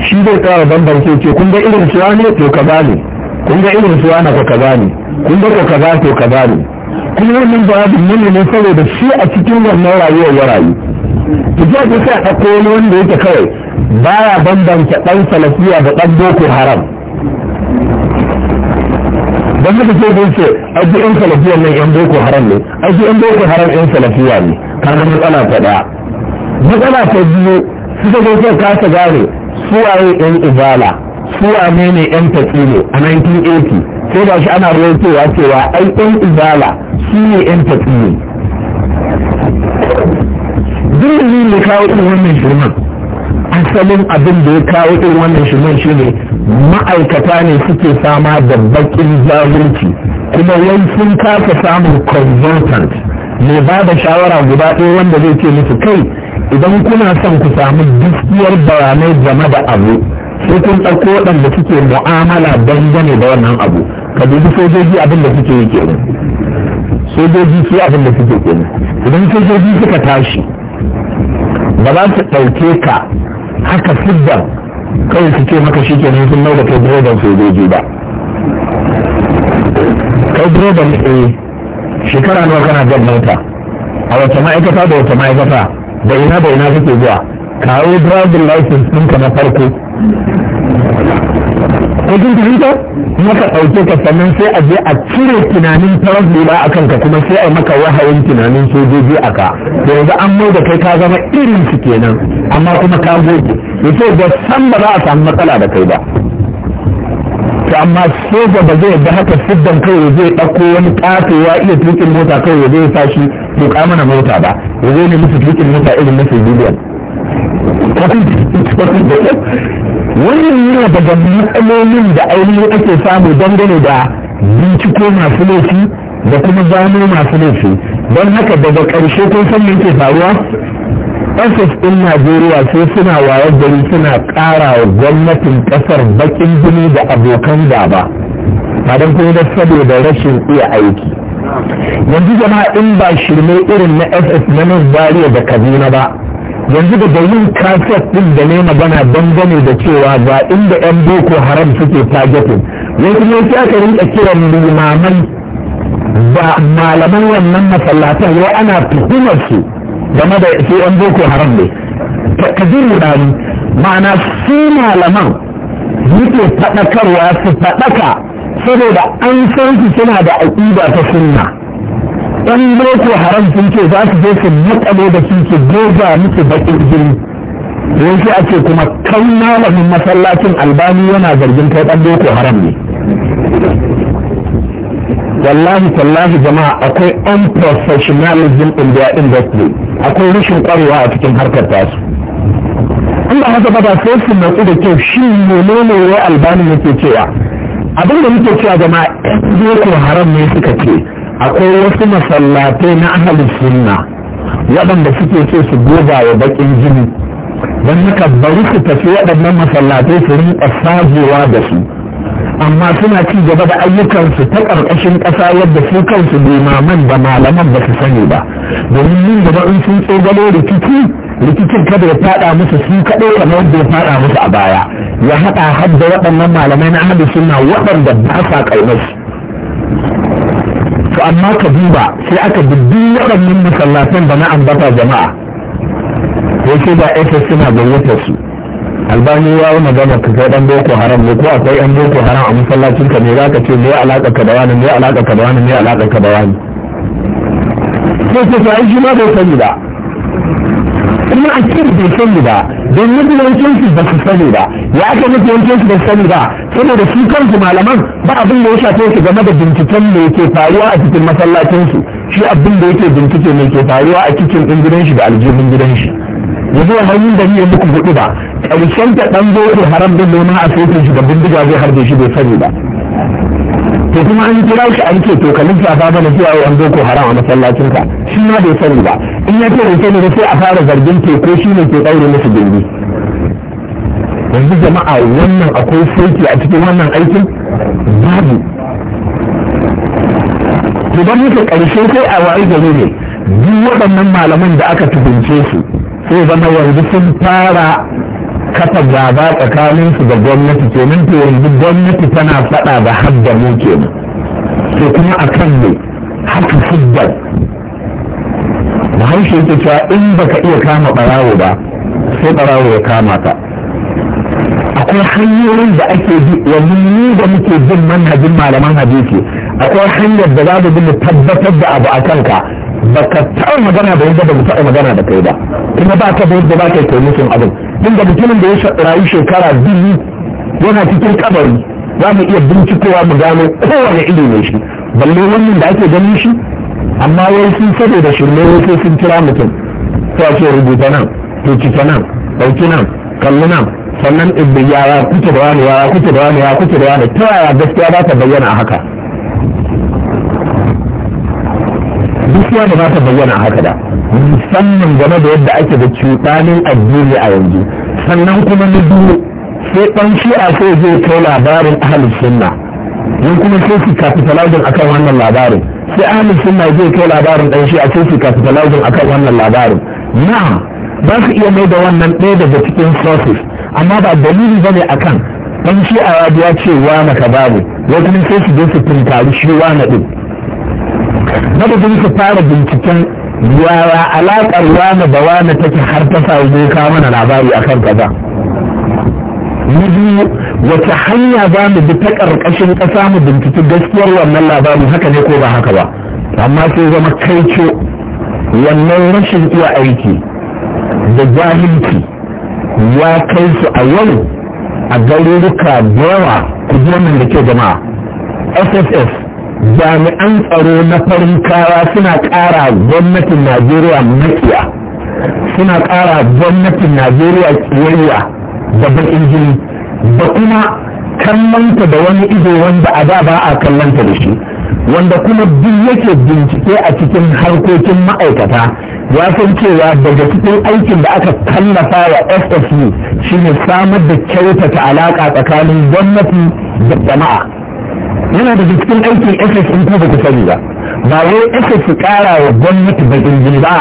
shi zai tsara bambance ce kun ga irin suwa ne to kaza ne kun ga irin suwa na ka kaza ne kun ga ko kaza to kaza ne kuma wannan jawabin mun ne saboda shi a cikin wannan rayuwar ya rayu ki ji ku sai ɗauko wani wanda yake kawai baya bambanta dan salafiya da dan boko haram don haka sai dai ce aji yan salafiya ne yan boko haram ne aji yan boko haram yan salafiya ne kaga matsala ta ɗaya matsala ta biyu ka zo sai kasa gane ayi yan ibala su ne yan tafi ne a 1980 sai ba shi ana rawaitowa cewa ai yan ibala shi ne yan tafiye zirgin ne kawo irin wannan shirman asalin abin da ya kawo irin wannan shirman shi ne ma'aikata ne suke sama da bakin zalunci kuma wai sun kasa samun consultant mai ba da shawara guda ɗaya wanda zai ce musu kai idan kuna son ku samu gaskiyar bayanai game da abu sai kun ɗauko waɗanda suke mu'amala dangane da wannan abu ka dubi sojoji abin da suke yi kenan sojoji su abin da suke kenan idan sojoji suka tashi ba za su ɗauke ka haka siddan kawai su ce maka shi kenan sun mai da kai direban sojoji ba kai direban ne eh, shekara nawa kana gan mota a wata ma'aikata da wata ma'aikata da ina da ina kake zuwa kawo driving license ɗinka na farko ko kin fahimta maka ɗauke ka sannan sai a je a cire tunanin farar hula a ka kuma sai a maka wahayin tunanin sojoji a ka da yanzu an mai da kai ka zama irin su kenan amma kuma ka goge yace da san ba za a samu matsala da kai ba to amma soja ba zai yadda haka siddan kawai zai ɗako wani ƙato ya iya tukin mota kawai ya zai sa shi tuƙa mana mota ba ya zai ne musu tukin mota irin na civilian wannan yana daga matsalolin da ainihin ake samu dangane da binciko masu laifi da kuma gano masu laifi don haka daga ƙarshe kun san ke faruwa ƙasas ɗin najeriya sai suna wayar gari suna ƙara wa gwamnatin ƙasar baƙin jini da abokan gaba ba don kuma da saboda rashin iya aiki yanzu jama'a in ba shirme irin na ss na nan zariya da kaduna ba yanzu da bayin kafet din da ne magana dangane da cewa ga inda yan boko haram suke targeting yanzu kuma sai aka rinka kiran limaman ba malaman wannan masallatan wai ana tuhumar su game da su yan boko haram ne ka ji rudani ma'ana su malaman muke faɗakarwa su faɗaka saboda an san su suna da aƙida ta sunna in boko haram sun ce za su je su matsalo da su su goga musu bakin jini don sai a kuma kai malamin masallacin albani yana zargin kai dan boko haram ne wallahi tallahi jama'a akwai unprofessionalism in their industry akwai rashin kwarewa a cikin harkar tasu Allah haka ba sai su natsu da kyau shi menene wai albani yake cewa abin da muke cewa jama'a boko haram ne suka ce akwai wasu masallatai na ahalin sunna waɗanda suke so su goga wa baƙin jini don haka bari su tafi waɗannan masallatai su rinƙa sajewa da su amma suna ci gaba da ayyukansu ta ƙarƙashin ƙasa yadda su kansu limaman da malaman ba su sani ba domin yin gaba in sun tsogalo rikici rikicin kada ya faɗa musu su kaɗai kamar wanda ya faɗa musu a baya ya haɗa hadda waɗannan malamai na ahalin suna waɗanda ba sa ƙaunar to amma ka duba sai aka dubbi waɗannan masallatan da na ambata jama'a Ya ce ba ita suna gayyatar su albani ya yi magana ka kai ɗan boko haram ne ko akwai ɗan boko haram a masallacin ka ne za ka ce me ya alaka ka da wani me ya alaka ka da wani me ya alaka ka da wani sai ce sai shi ma bai sani ba a cikin bai sani ba don yankin su ba su sani ba ya aka yankin su ba su sani ba saboda su kansu malaman ba abin da ya shafe su game da binciken da yake faruwa a cikin masallacin su shi abin da yake bincike mai ke faruwa a cikin ɗin gidan shi da aljihun gidan shi yanzu a hanyar da ni muku hudu ba ƙarshen ta ɗan zo haram din noma a sokin shi da bindiga zai harbe shi bai sani ba to kuma an kira shi an ce to ka lissafa na zuwa an zo ko haram a masallacin ka shi ma bai sani ba in ya ce bai sani ne sai a fara zargin ke ko shi ne ke daure musu gindi yanzu jama'a wannan akwai sauki a cikin wannan aikin babu idan muka karshe sai a wayi gari ne duk waɗannan malaman da aka tukunce su sai zama yanzu sun fara kafa gaba tsakaninsu da gwamnati ke kenan to yanzu gwamnati tana fada da hadda mu kenan to kuma a kan ne haka hujjar bahaushe yake cewa in baka iya kama ɓarawo ba sai ɓarawo ya kama ka akwai hanyoyin da ake bi yanzu ni da muke bin manhajin malaman hadisi akwai hanyar da za mu bi mu tabbatar da abu a kanka baka taɓa magana da yadda ba mu taɓa magana da kai ba kuma ba ka da yadda ba ka yi musun abin din da mutumin da ya rayu shekara biyu yana cikin kabari za mu iya bincikowa mu gano kowane ilimi ne shi balle wannan da ake ganin shi amma wai sun saboda shirme wai sun kira mutum Ta ce rubuta nan rubuta nan ɗauki nan kalli nan sannan ibbi yara kuke da wani yara kuke da wani yara kuke da wani ta yaya gaskiya za ta bayyana haka gaskiya da za ta bayyana haka da musamman game da yadda ake da cuɗanin addini a yanzu sannan kuma na biyu sai ɗan shi'a sai zai kai labarin ahalin sunna yin kuma sai su capitalizing kan wannan labarin sai ahalin sunna zai kai labarin ɗan shi'a sai su capitalizing kan wannan labarin na ba su iya mai da wannan ɗaya daga cikin sources amma ba dalili a akan ɗan shi'a ya biya ce wane ka babu ya kuma sai su je su tunkari shi wane ɗin na da su fara binciken yawa alaƙar wani da wani take har ta samu ka mana labari a kan kaza Ni biyu wace hanya za mu bi ta ƙarƙashin ƙasa mu binciki gaskiyar wannan labari haka ne ko ba haka ba amma sai zama kaico wannan rashin iya aiki da jahilci ya kai su a yau a garuruka da yawa ku da ke jama'a sss jami'an tsaro na farin kawa suna ƙara gwamnatin najeriya makiya suna ƙara gwamnatin najeriya kiyayya da bakin jini da kuma kallonta da wani ido wanda a da ba a kallonta da shi wanda kuma duk yake bincike a cikin harkokin ma'aikata ya san cewa daga cikin aikin da aka kallafa wa fsu shine samar da kyautata alaƙa tsakanin gwamnati da jama'a yana da cikin aikin ss in ku ba ku sani ba ba wai ss su kara wa gwamnati bakin jini ba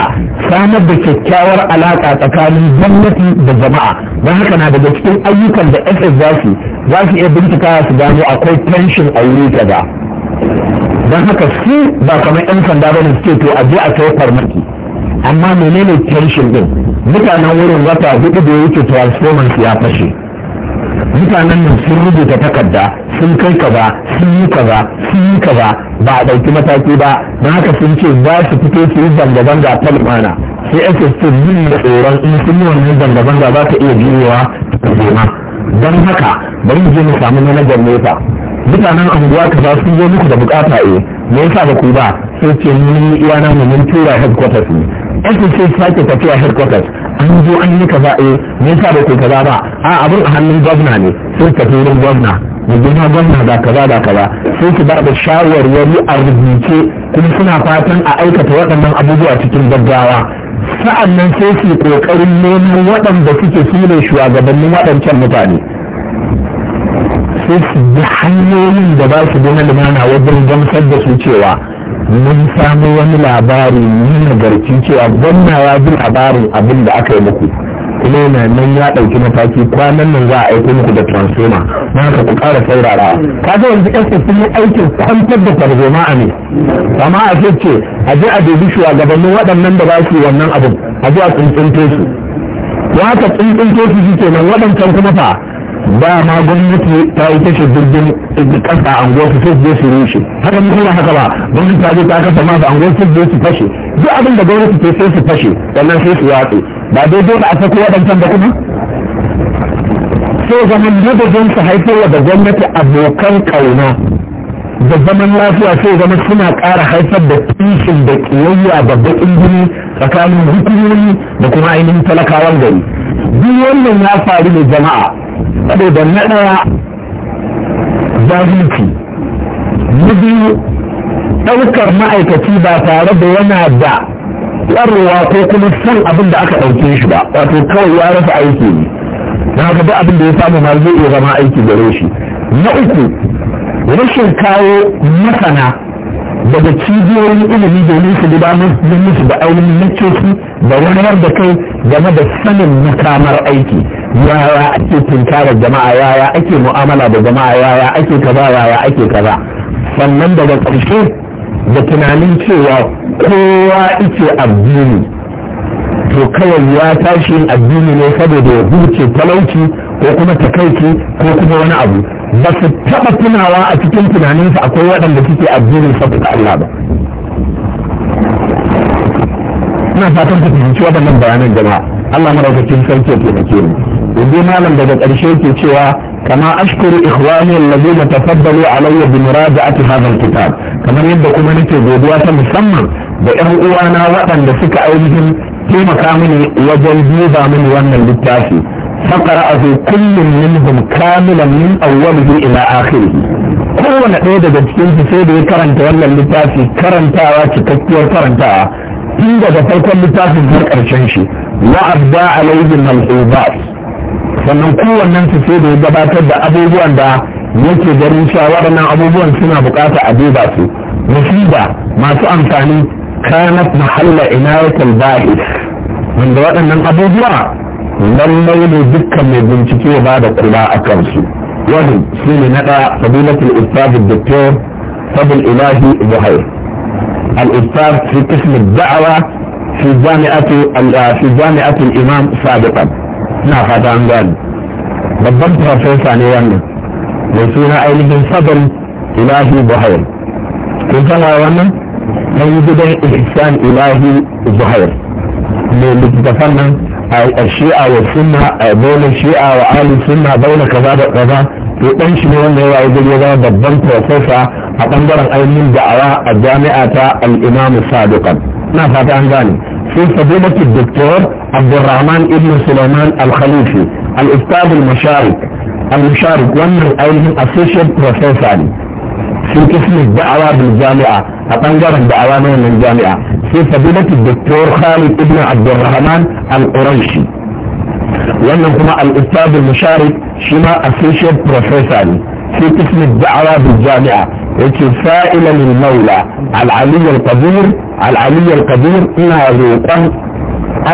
samar da kyakkyawar alaka tsakanin gwamnati da jama'a ba haka na daga cikin ayyukan da ss za su za su iya bincika su gano akwai tension a wuri kaza don haka su ba kamar yan sanda ba ne suke to a je a kai farmaki amma menene tension din mutanen wurin wata hudu da ya wuce transformance ya fashe mutanen nan sun rubuta takarda sun kai kaza sun yi kaza sun yi kaza ba a ɗauki mataki ba na haka sun ce za su fito su yi zanga-zanga ta lumana sai ake ce yin da tsoron in sun yi wannan zanga-zanga za ta iya biyowa ta zema don haka bari mu je mu samu manajan nesa mutanen anguwa kaza sun zo muku da bukata eh me yasa ba ku ba sai ce mun yi iyana mu mun tura headquarters ne ake ce sake tafiya headquarters an zo an yi kaza eh me sa ba ku kaza ba a abin a hannun gwamna ne sai ka tafi wurin gwamna da gina gwamna da kaza da kaza sai su ba da shawarwari a rubuce kuma suna fatan a aikata waɗannan abubuwa cikin gaggawa sa'an nan sai su ƙoƙarin neman waɗanda suke sune shugabannin waɗancan mutane sai su bi hanyoyin da ba su bi na limana wajen gamsar da su cewa mun samu wani labari nuna nagarci cewa gwamna ya ji labarin abin da aka yi muku kuma yana nan ya ɗauki mataki kwanan nan za a aiko muku da transformer na ka ku ƙara saurara ka ga wanzu ƴan sun yi aikin kwantar da tarzoma a ne amma a ce ce a je a dubi shugabannin waɗannan da ba su wannan abin a je a tsuntsunto ya ka tsuntsunto su shi kenan waɗancan kuma fa ba ma gwamnati ta ita kashe jirgin kasa a anguwar su sai su rushe haka mun kuma haka ba gwamnati ta je ta kasa ma su anguwar su su fashe duk abin da gwamnati ta sai su fashe wannan sai su watse ba daidai da a sako waɗancan da kuma sai zaman madadin su haifarwa da gwamnati abokan ƙauna da zaman lafiya sai zama suna ƙara haifar da tushen da ƙiyayya da baƙin jini tsakanin hukumomi da kuma ainihin talakawan gari duk wannan ya faru ne jama'a saboda na ɗaya zalunci na biyu ɗaukar ma'aikaci ba tare da yana da tsarwa ko kuma san abin da aka ɗauke shi ba wato kawai ya rasa aiki ne na haka duk abin da ya samu ma zai iya zama aiki gare shi na uku rashin kawo masana daga cibiyoyin ilimi domin su gudanar da musu da ainihin lokaci da wayar da kai game da sanin makamar aiki yaya ake tunkarar jama'a yaya ake mu'amala da jama'a yaya ake kaza yaya ake kaza sannan daga ƙarshe da tunanin cewa kowa ike addini to kawai ya tashi yin addini ne saboda ya huce talauci ko kuma takaici ko kuma wani abu ba su taɓa tunawa a cikin tunaninsa akwai waɗanda suke addinin saboda Allah ba ina fatan ku fahimci waɗannan bayanan jama'a Allah maraukakin sarki ya taimake mu yanzu malam daga ƙarshe ke cewa kama ashkuru ikhwani alladhina tafaddalu alayya bi muraja'ati hadha alkitab kamar yadda kuma nake godiya ta musamman da ƴan uwana waɗanda suka ainihin taimaka mini wajen duba mini wannan littafi فقرأه كل منهم كاملا من أوله ila آخره kowane ɗaya daga cikin su sai da ya karanta wannan littafi karantawa cikakkiyar karantawa tun daga farkon littafin har ƙarshen shi wa abda alaihi malhubat sannan kowannen su sai da ya gabatar da abubuwan da yake ganin cewa waɗannan abubuwan suna buƙata a duba su musiba masu amfani كانت محل عناية الباحث من دواء من أبو زرع من يكن ذكر من بنتكي بعد قلاء كرسي وهم سين نقع فضيلة الأستاذ الدكتور فضل إلهي بحير الأستاذ في قسم الدعوة في جامعة آه، في جامعة الإمام سابقا نا هذا عن قال ربما تغفيس عن يوانا ليسونا أيضا فضل إلهي بحير كنت أنا ليس ده إحسان إلهي ظاهر من الدفن أي الشيعة والسنة بين الشيعة وآل السنة بين كذا وكذا في أنش من اللي وعيد اليضاء بالضم توقفة أتنظر أي من دعوة الجامعة الإمام الصادق ما فات عن ذلك في فضيلة الدكتور عبد الرحمن ابن سليمان الخليفي الأستاذ المشارك المشارك ومن أي من بروفيسور sun ismi da'awa bil jami'a a bangaren da'awa na wannan jami'a sai fadilatu doktor khalid ibnu abdurrahman al-quraishi wannan kuma al-ustadul musharid shi ma associate professor ne sai ismi da'awa bil jami'a yace sa'ila lil maula al-ali al-qadir al-ali al-qadir ina roƙon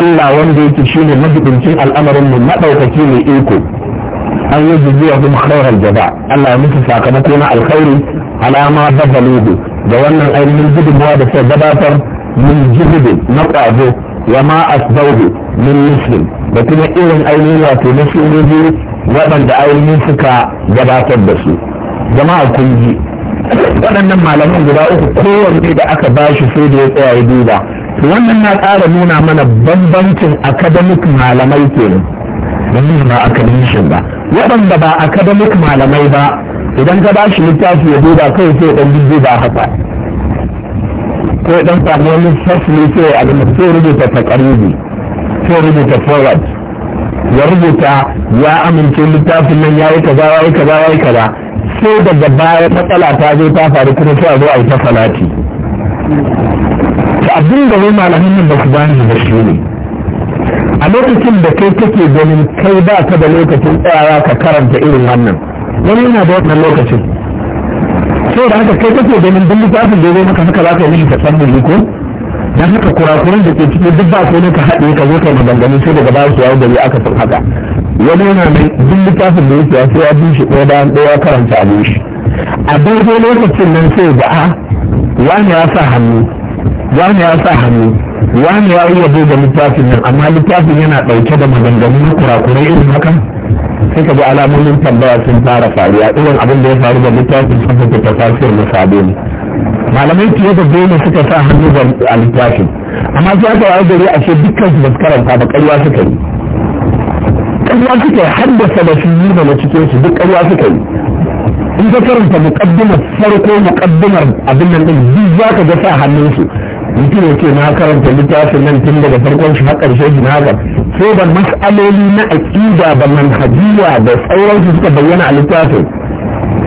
Allah wanda yake shine mabudin al'amarin mu madaukaki ne iko an yi jizuwa kuma khairar jaba Allah ya musu sakamako na alkhairi alama babalugu da wannan ainihin gudunmawa da sai gabatar min jihudin na ƙwazo wa ma asbauhu min muslim da kuma irin ainihin wato na shugabi waɗanda ainihin suka gabatar da su jama'a kun ji waɗannan malaman guda uku kowanne da aka ba shi sai da ya tsaya ya duba wannan na ƙara nuna mana bambancin academic malamai kenan wannan ba academician ba waɗanda ba academic malamai ba idan ka ba shi littafi ya duba kai sai ɗan jirgi ba haka ko ɗan samu wani ne sai a gama sai rubuta ta takaribi sai rubuta forward ya rubuta ya amince littafin nan ya yi kaza ya yi ka ya yi za sai daga baya matsala ta zo ta faru kuma sai a zo a yi ta salati ta abin da wai malamin nan ba su gane da shi ne a lokacin da kai take ganin kai ba ka da lokacin tsayawa ka karanta irin wannan wani yana da wannan lokacin sau da haka kai take ganin don littafin da zai maka haka za ka yi ka san mu ko dan haka kurakuran da ke cikin duk ba ko ne ka haɗe ka zo kai maganganu sai daga ba su yawo gari aka san haka wani yana mai duk littafin da yake sai ya bushe ɗaya bayan ɗaya karanta a shi a daidai lokacin nan sai ga a ah, wani ya sa hannu wani ya sa hannu wani ya iya da littafin nan amma littafin yana ɗauke da maganganu na kurakurai irin haka sai ka ji alamomin tambaya sun fara faruwa irin abin da ya faru da littafin sun fi tafasir na sabo ne malamai fiye da dole suka sa hannu a littafin amma sai aka wayo gari ashe dukkan su ba karanta ba ƙarya suka yi ƙarya suka yi har da shi yi da na cikin su duk ƙarya suka yi in ka karanta muƙaddimar farko muƙaddimar abin nan ɗin duk za ka ga sa hannun su mutum ya ce na karanta littafin nan tun daga farkon shi har ƙarshe shi na ga sai ban mas'aloli na aƙida da manhajiya da sauransu suka bayyana a littafin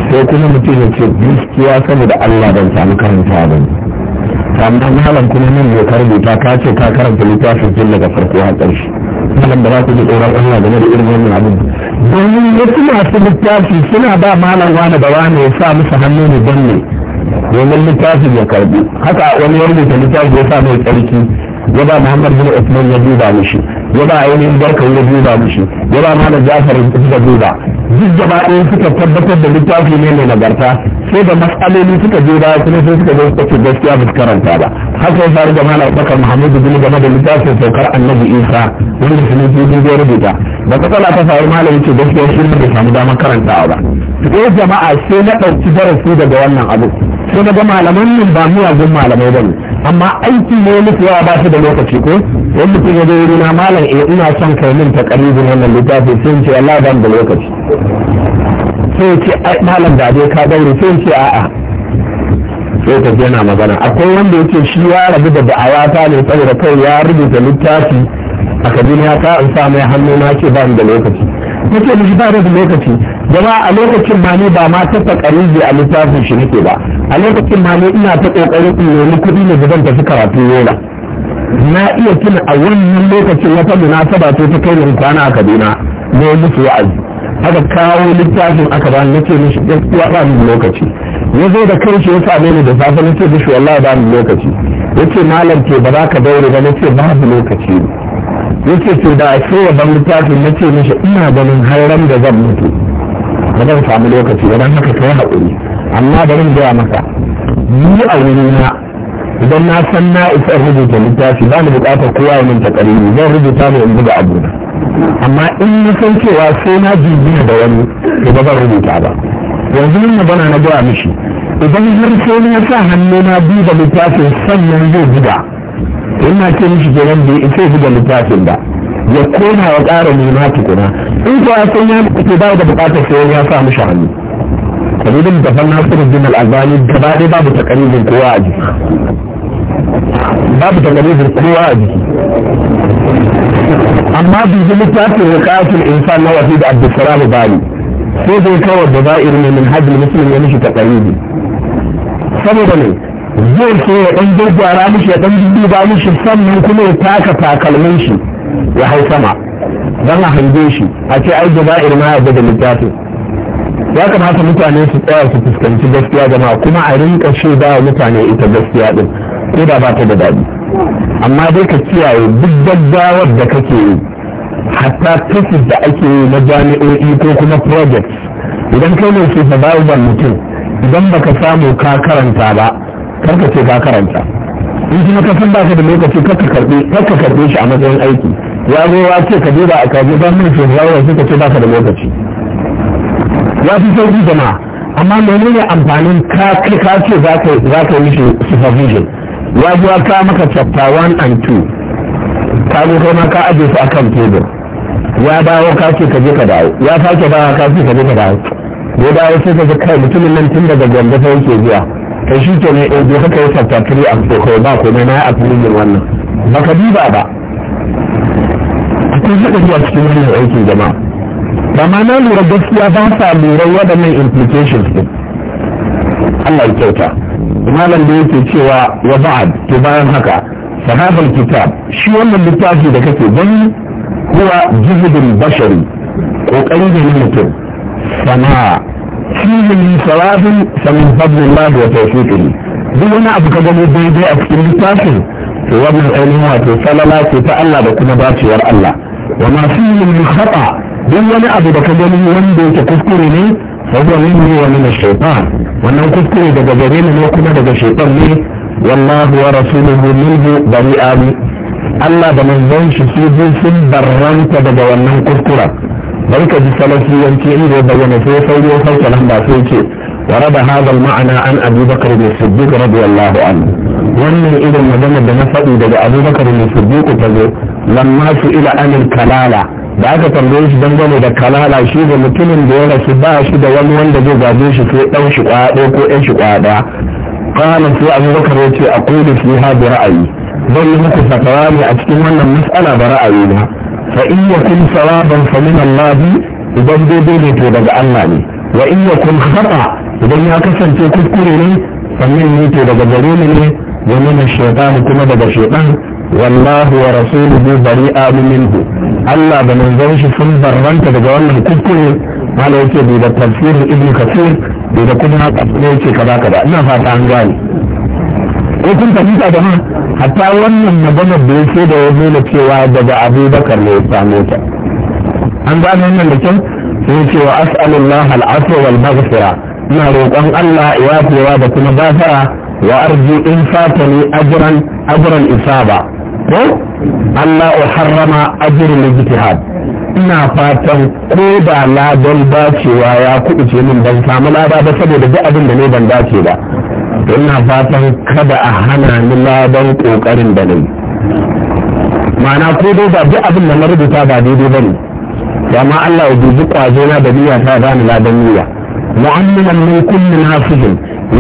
sai kuma mutum ya ce gaskiya saboda Allah ban samu karanta ba ne amma malam kuma nan ne ka rubuta ka ce ka karanta littafin tun daga farko har ƙarshe malam da za ku ji tsoron Allah game da irin wannan abin domin wasu masu littafi suna ba malam wani da wani ya sa musu hannu ne don ne domin littafin ya karbi haka wani ya rubuta littafi ya samu tsarki ya ba muhammad bin usman ya duba mishi ya ba ainihin barka ya duba mishi ya ba mana jafar suka duba duk gaba ɗaya suka tabbatar da littafi ne mai nagarta sai da matsaloli suka je baya kuma sai suka zo suka ce gaskiya ba su karanta ba haka ya faru da mana ɗaukar muhammadu bin game da littafin saukar annabi isa wanda sunan jirgin ya rubuta ba ta tsala ta faru ya ce gaskiya shi ne bai samu damar karantawa ba sai eh, jama'a sai na ɗauki darasi daga wannan abu sai ga malaman nan ba miyagun malamai ba ne amma aiki ne mutu yawa ba su da lokaci ko wanda mutum ya zo na malam eh ina son kai min takaribin wannan littafi sai ce Allah ban da lokaci sai ce malam da dai ka daure sai ce a'a sai ka yana magana akwai wanda yake shi ya rabu da da'awa ta ne saboda kai ya rubuta littafi a kabin ya ka in sa mai hannu na ce ba da lokaci nake da ba da lokaci Gaba a lokacin ma ne ba ma ta fakari a littafin shi nake ba a lokacin ma ne ina ta kokari in nemi kuɗi ne da zan tafi karatu yola na iya tuna a wannan lokacin wata munasaba ce ta kai kwana a Kaduna ne mutu wa'azi aka kawo littafin aka ba ni ce mishi gaskiya ba ni lokaci ya zo da kanshi ya same ni da safe nace mishi wallahi ba ni lokaci yace malam ce ba za ka daure ba nace babu lokaci yace to da a ce ban littafin nace mishi ina ganin hairan da zan mutu ba zan samu lokaci ba don haka kai haƙuri amma bari gaya maka ni a wurina idan na san na isa rubuta littafi ba ni buƙatar kowa ya manta ƙarfi zan rubuta da in buga abu amma in na san cewa sai na jingina da wani to ba zan rubuta ba yanzu yin magana na gaya mishi idan har sai na sa hannu na duba littafin sannan zai buga ina ce mishi kenan bai isa buga littafin ba ya koma ya ƙara nema tukuna in ko ya san ya mutu ba da buƙatar sai ya sa mishi hannu kalilin da ban nasiru bin al'azani gaba ɗaya babu takaribin kowa a jiki babu takaribin kowa a jiki amma bizu littafin riƙatul insan na wasi da abdulsalam bali sai zai kawar da za'ir ne min hajjin musulun ya mishi takaribi saboda ne zai so ya ɗan gurgwara mishi ya ɗan duba mishi sannan kuma ya taka takalmin shi ya hau sama don a hange shi a ce ai irin ma yadda da littafin ya kamata mutane su tsaya su fuskanci gaskiya jama'a kuma a rinka shaida wa mutane ita gaskiya din ko da ba ta da daɗi amma dai ka kiyaye duk gaggawar da kake yi hatta tesis da ake yi na jami'o'i ko kuma projects idan kai ne supervisor mutum idan baka samu ka karanta ba ka ce ka karanta in kuma ka san baka da lokaci karka karbe shi a matsayin aiki ya zo ya ce ka duba a kaji ba mun ce zawo sai ka ce baka da lokaci ya fi sauki jama amma menene amfanin ka kai ka ce za ka za ka yi shi supervision ya zo ya kawo maka chapter 1 and 2 ka zo kai ma ka aje su akan tebur ya dawo ka ce ka je ka dawo ya sake dawo ka ce ka je ka dawo ya dawo sai ka ga kai mutumin nan tun daga gwamnati fa yake zuwa kai shi ke ne eh je ka kai chapter 3 and 4 kai ba komai na ya afilin wannan baka duba ba akwai haɗari a cikin wannan aikin jama'a ba ma na lura gaskiya ba sa lura waɗannan implications ɗin Allah ya kyauta malam da yake cewa wa ba'ad to bayan haka sahabar kitab shi wannan littafi da kake gani huwa jihudin bashari kokari da mutum sana'a fihi min sawabin samin fadlillahi wa tawfiqihi duk wani abu ka gano daidai a cikin littafin to wannan ainihin wato salala ce ta Allah da kuma bacewar Allah wa ma fihi min khata duk wani abu da ka gani wanda yake kuskure ne saboda min ne wa min shaytan wannan kuskure daga gare ne kuma daga shaytan ne wallahu wa rasuluhu minhu bari'an Allah da manzon shi su sun barranta daga wannan kuskura bari ka ji salafiyanci inda ya bayyana sai sauri ya sauke lamba sai ce ورد هذا المعنى عن ابي بكر بن الصديق رضي الله عنه wannan irin magana da na faɗi daga abubakar ne siddiqu ta zo lamma su ila anil kalala da aka tambaye shi dangane da kalala shi da mutumin da ya rasu ba shi da wani wanda zai gaje shi sai ɗan shi ɗaya ko ɗan shi ɗaya qala sai abubakar ya ce su fiha bi ra'ayi zan yi muku fatawa ne a cikin wannan matsala da ra'ayi na fa in yakun sawaban fa min Allah idan daidai ne to daga Allah ne wa in kun khata idan ya kasance kuskure ne fa ne to daga gare ne wa min ash kuma daga shaytan wallahu wa rasuluhu bari'a minhu Allah da manzon shi sun barranta daga wannan kuskure mala yake bai da tafsir ibn kafir bai da kuma ne yake kaza kaza ina fata an gane ko kun fahimta da ma hatta wannan magana da yake da ya nuna cewa daga abubakar ne ya samu ta an gane wannan da kyau sai ce wa as'alullah al wal maghfira ina roƙon Allah ya fiwa da kuma gafara وأرجو إن فاتني أجرا isaba. ko. Allah o harrama ajirin jitihad ina fatan ko da ladan dacewa ya ce min ban samu lada ba saboda duk abin da ne ban dace ba ina fatan kada a hana ni ladan ƙoƙarin da nayi ma'ana ko dai ba duk abin da na rubuta ba daidai ba ne Allah ya dubi na da niyya ta bani ladan niyya mu'amminan min kulli wa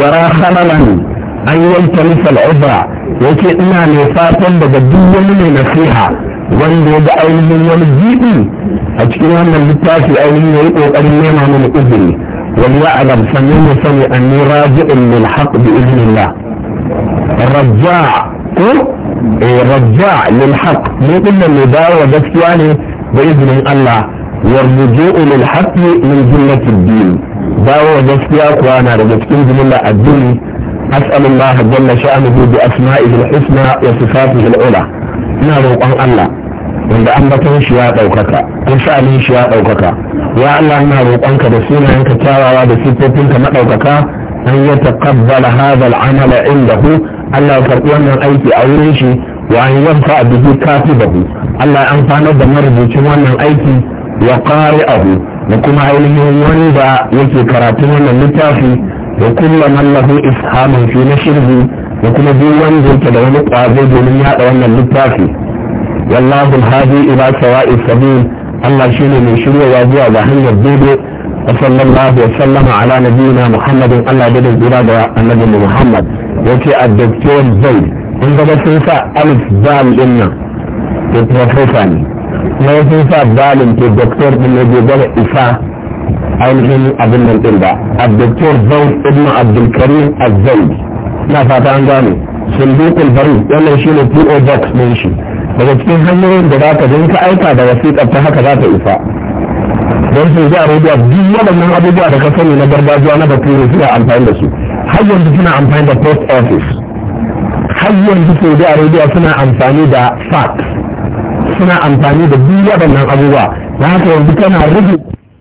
yara khalalan an yalta misal ubra yake ina ne fatan daga duk wani mai nasiha wanda ya ga ainihin wani jibi a cikin wannan littafi ainihin ya yi ƙoƙarin nema mini izini wani ya alam sannan ya sani an ni raji'in lil haqq bi iznillah rajja ko rajja lil haqq mu dinnan mai dawo gaskiya ne da izinin Allah والرجوع للحق من جملة الدين داوة جسيا كوانا رجل كنز من الدين أسأل الله جل شأنه بأسمائه الحسنى وصفاته العلى نعم قال الله wanda ambaton shi ya ɗaukaka an sha'anin shi ya ɗaukaka ya Allah ina roƙonka da ka kyawawa da siffofinka maɗaukaka an ya taqabbala hadha al-amal indahu Allah ya karbi wannan aiki a wurin shi wa an yanfa bihi katibahu Allah ya amfana da marubucin wannan aiki wa qari'ahu da kuma ainihin wanda yake karatun wannan littafi wa kulla man lahu ishamun fi nashrihi da kuma duk wanda yake da wani ƙwazo domin yaɗa wannan littafi wallahu hadi ila sawa'i sabil Allah shine mai shiryawa zuwa ga hanyar daidai wa sallallahu wa sallama ala nabiyyina Muhammadin Allah da dubura da annabi Muhammad yace ad-doktor Zaid in gaba sun sa alif dal din nan to professor ne kuma sun sa dalin to doktor din ne bai isa ainihin abin nan din ba abdulkar zaud ibn abdulkarim azzaud na fata an gano. sundukul bari wannan shi ne po box din shi daga cikin hanyoyin da za ka dinka aika da wasiƙar ta haka za ta isa don sun ji arabiya duk waɗannan abubuwa da ka sani na gargajiya na bature suna amfani da su har yanzu suna amfani da post office har yanzu saudi arabiya suna amfani da fax suna amfani da duk waɗannan abubuwa Na haka yanzu kana rubuta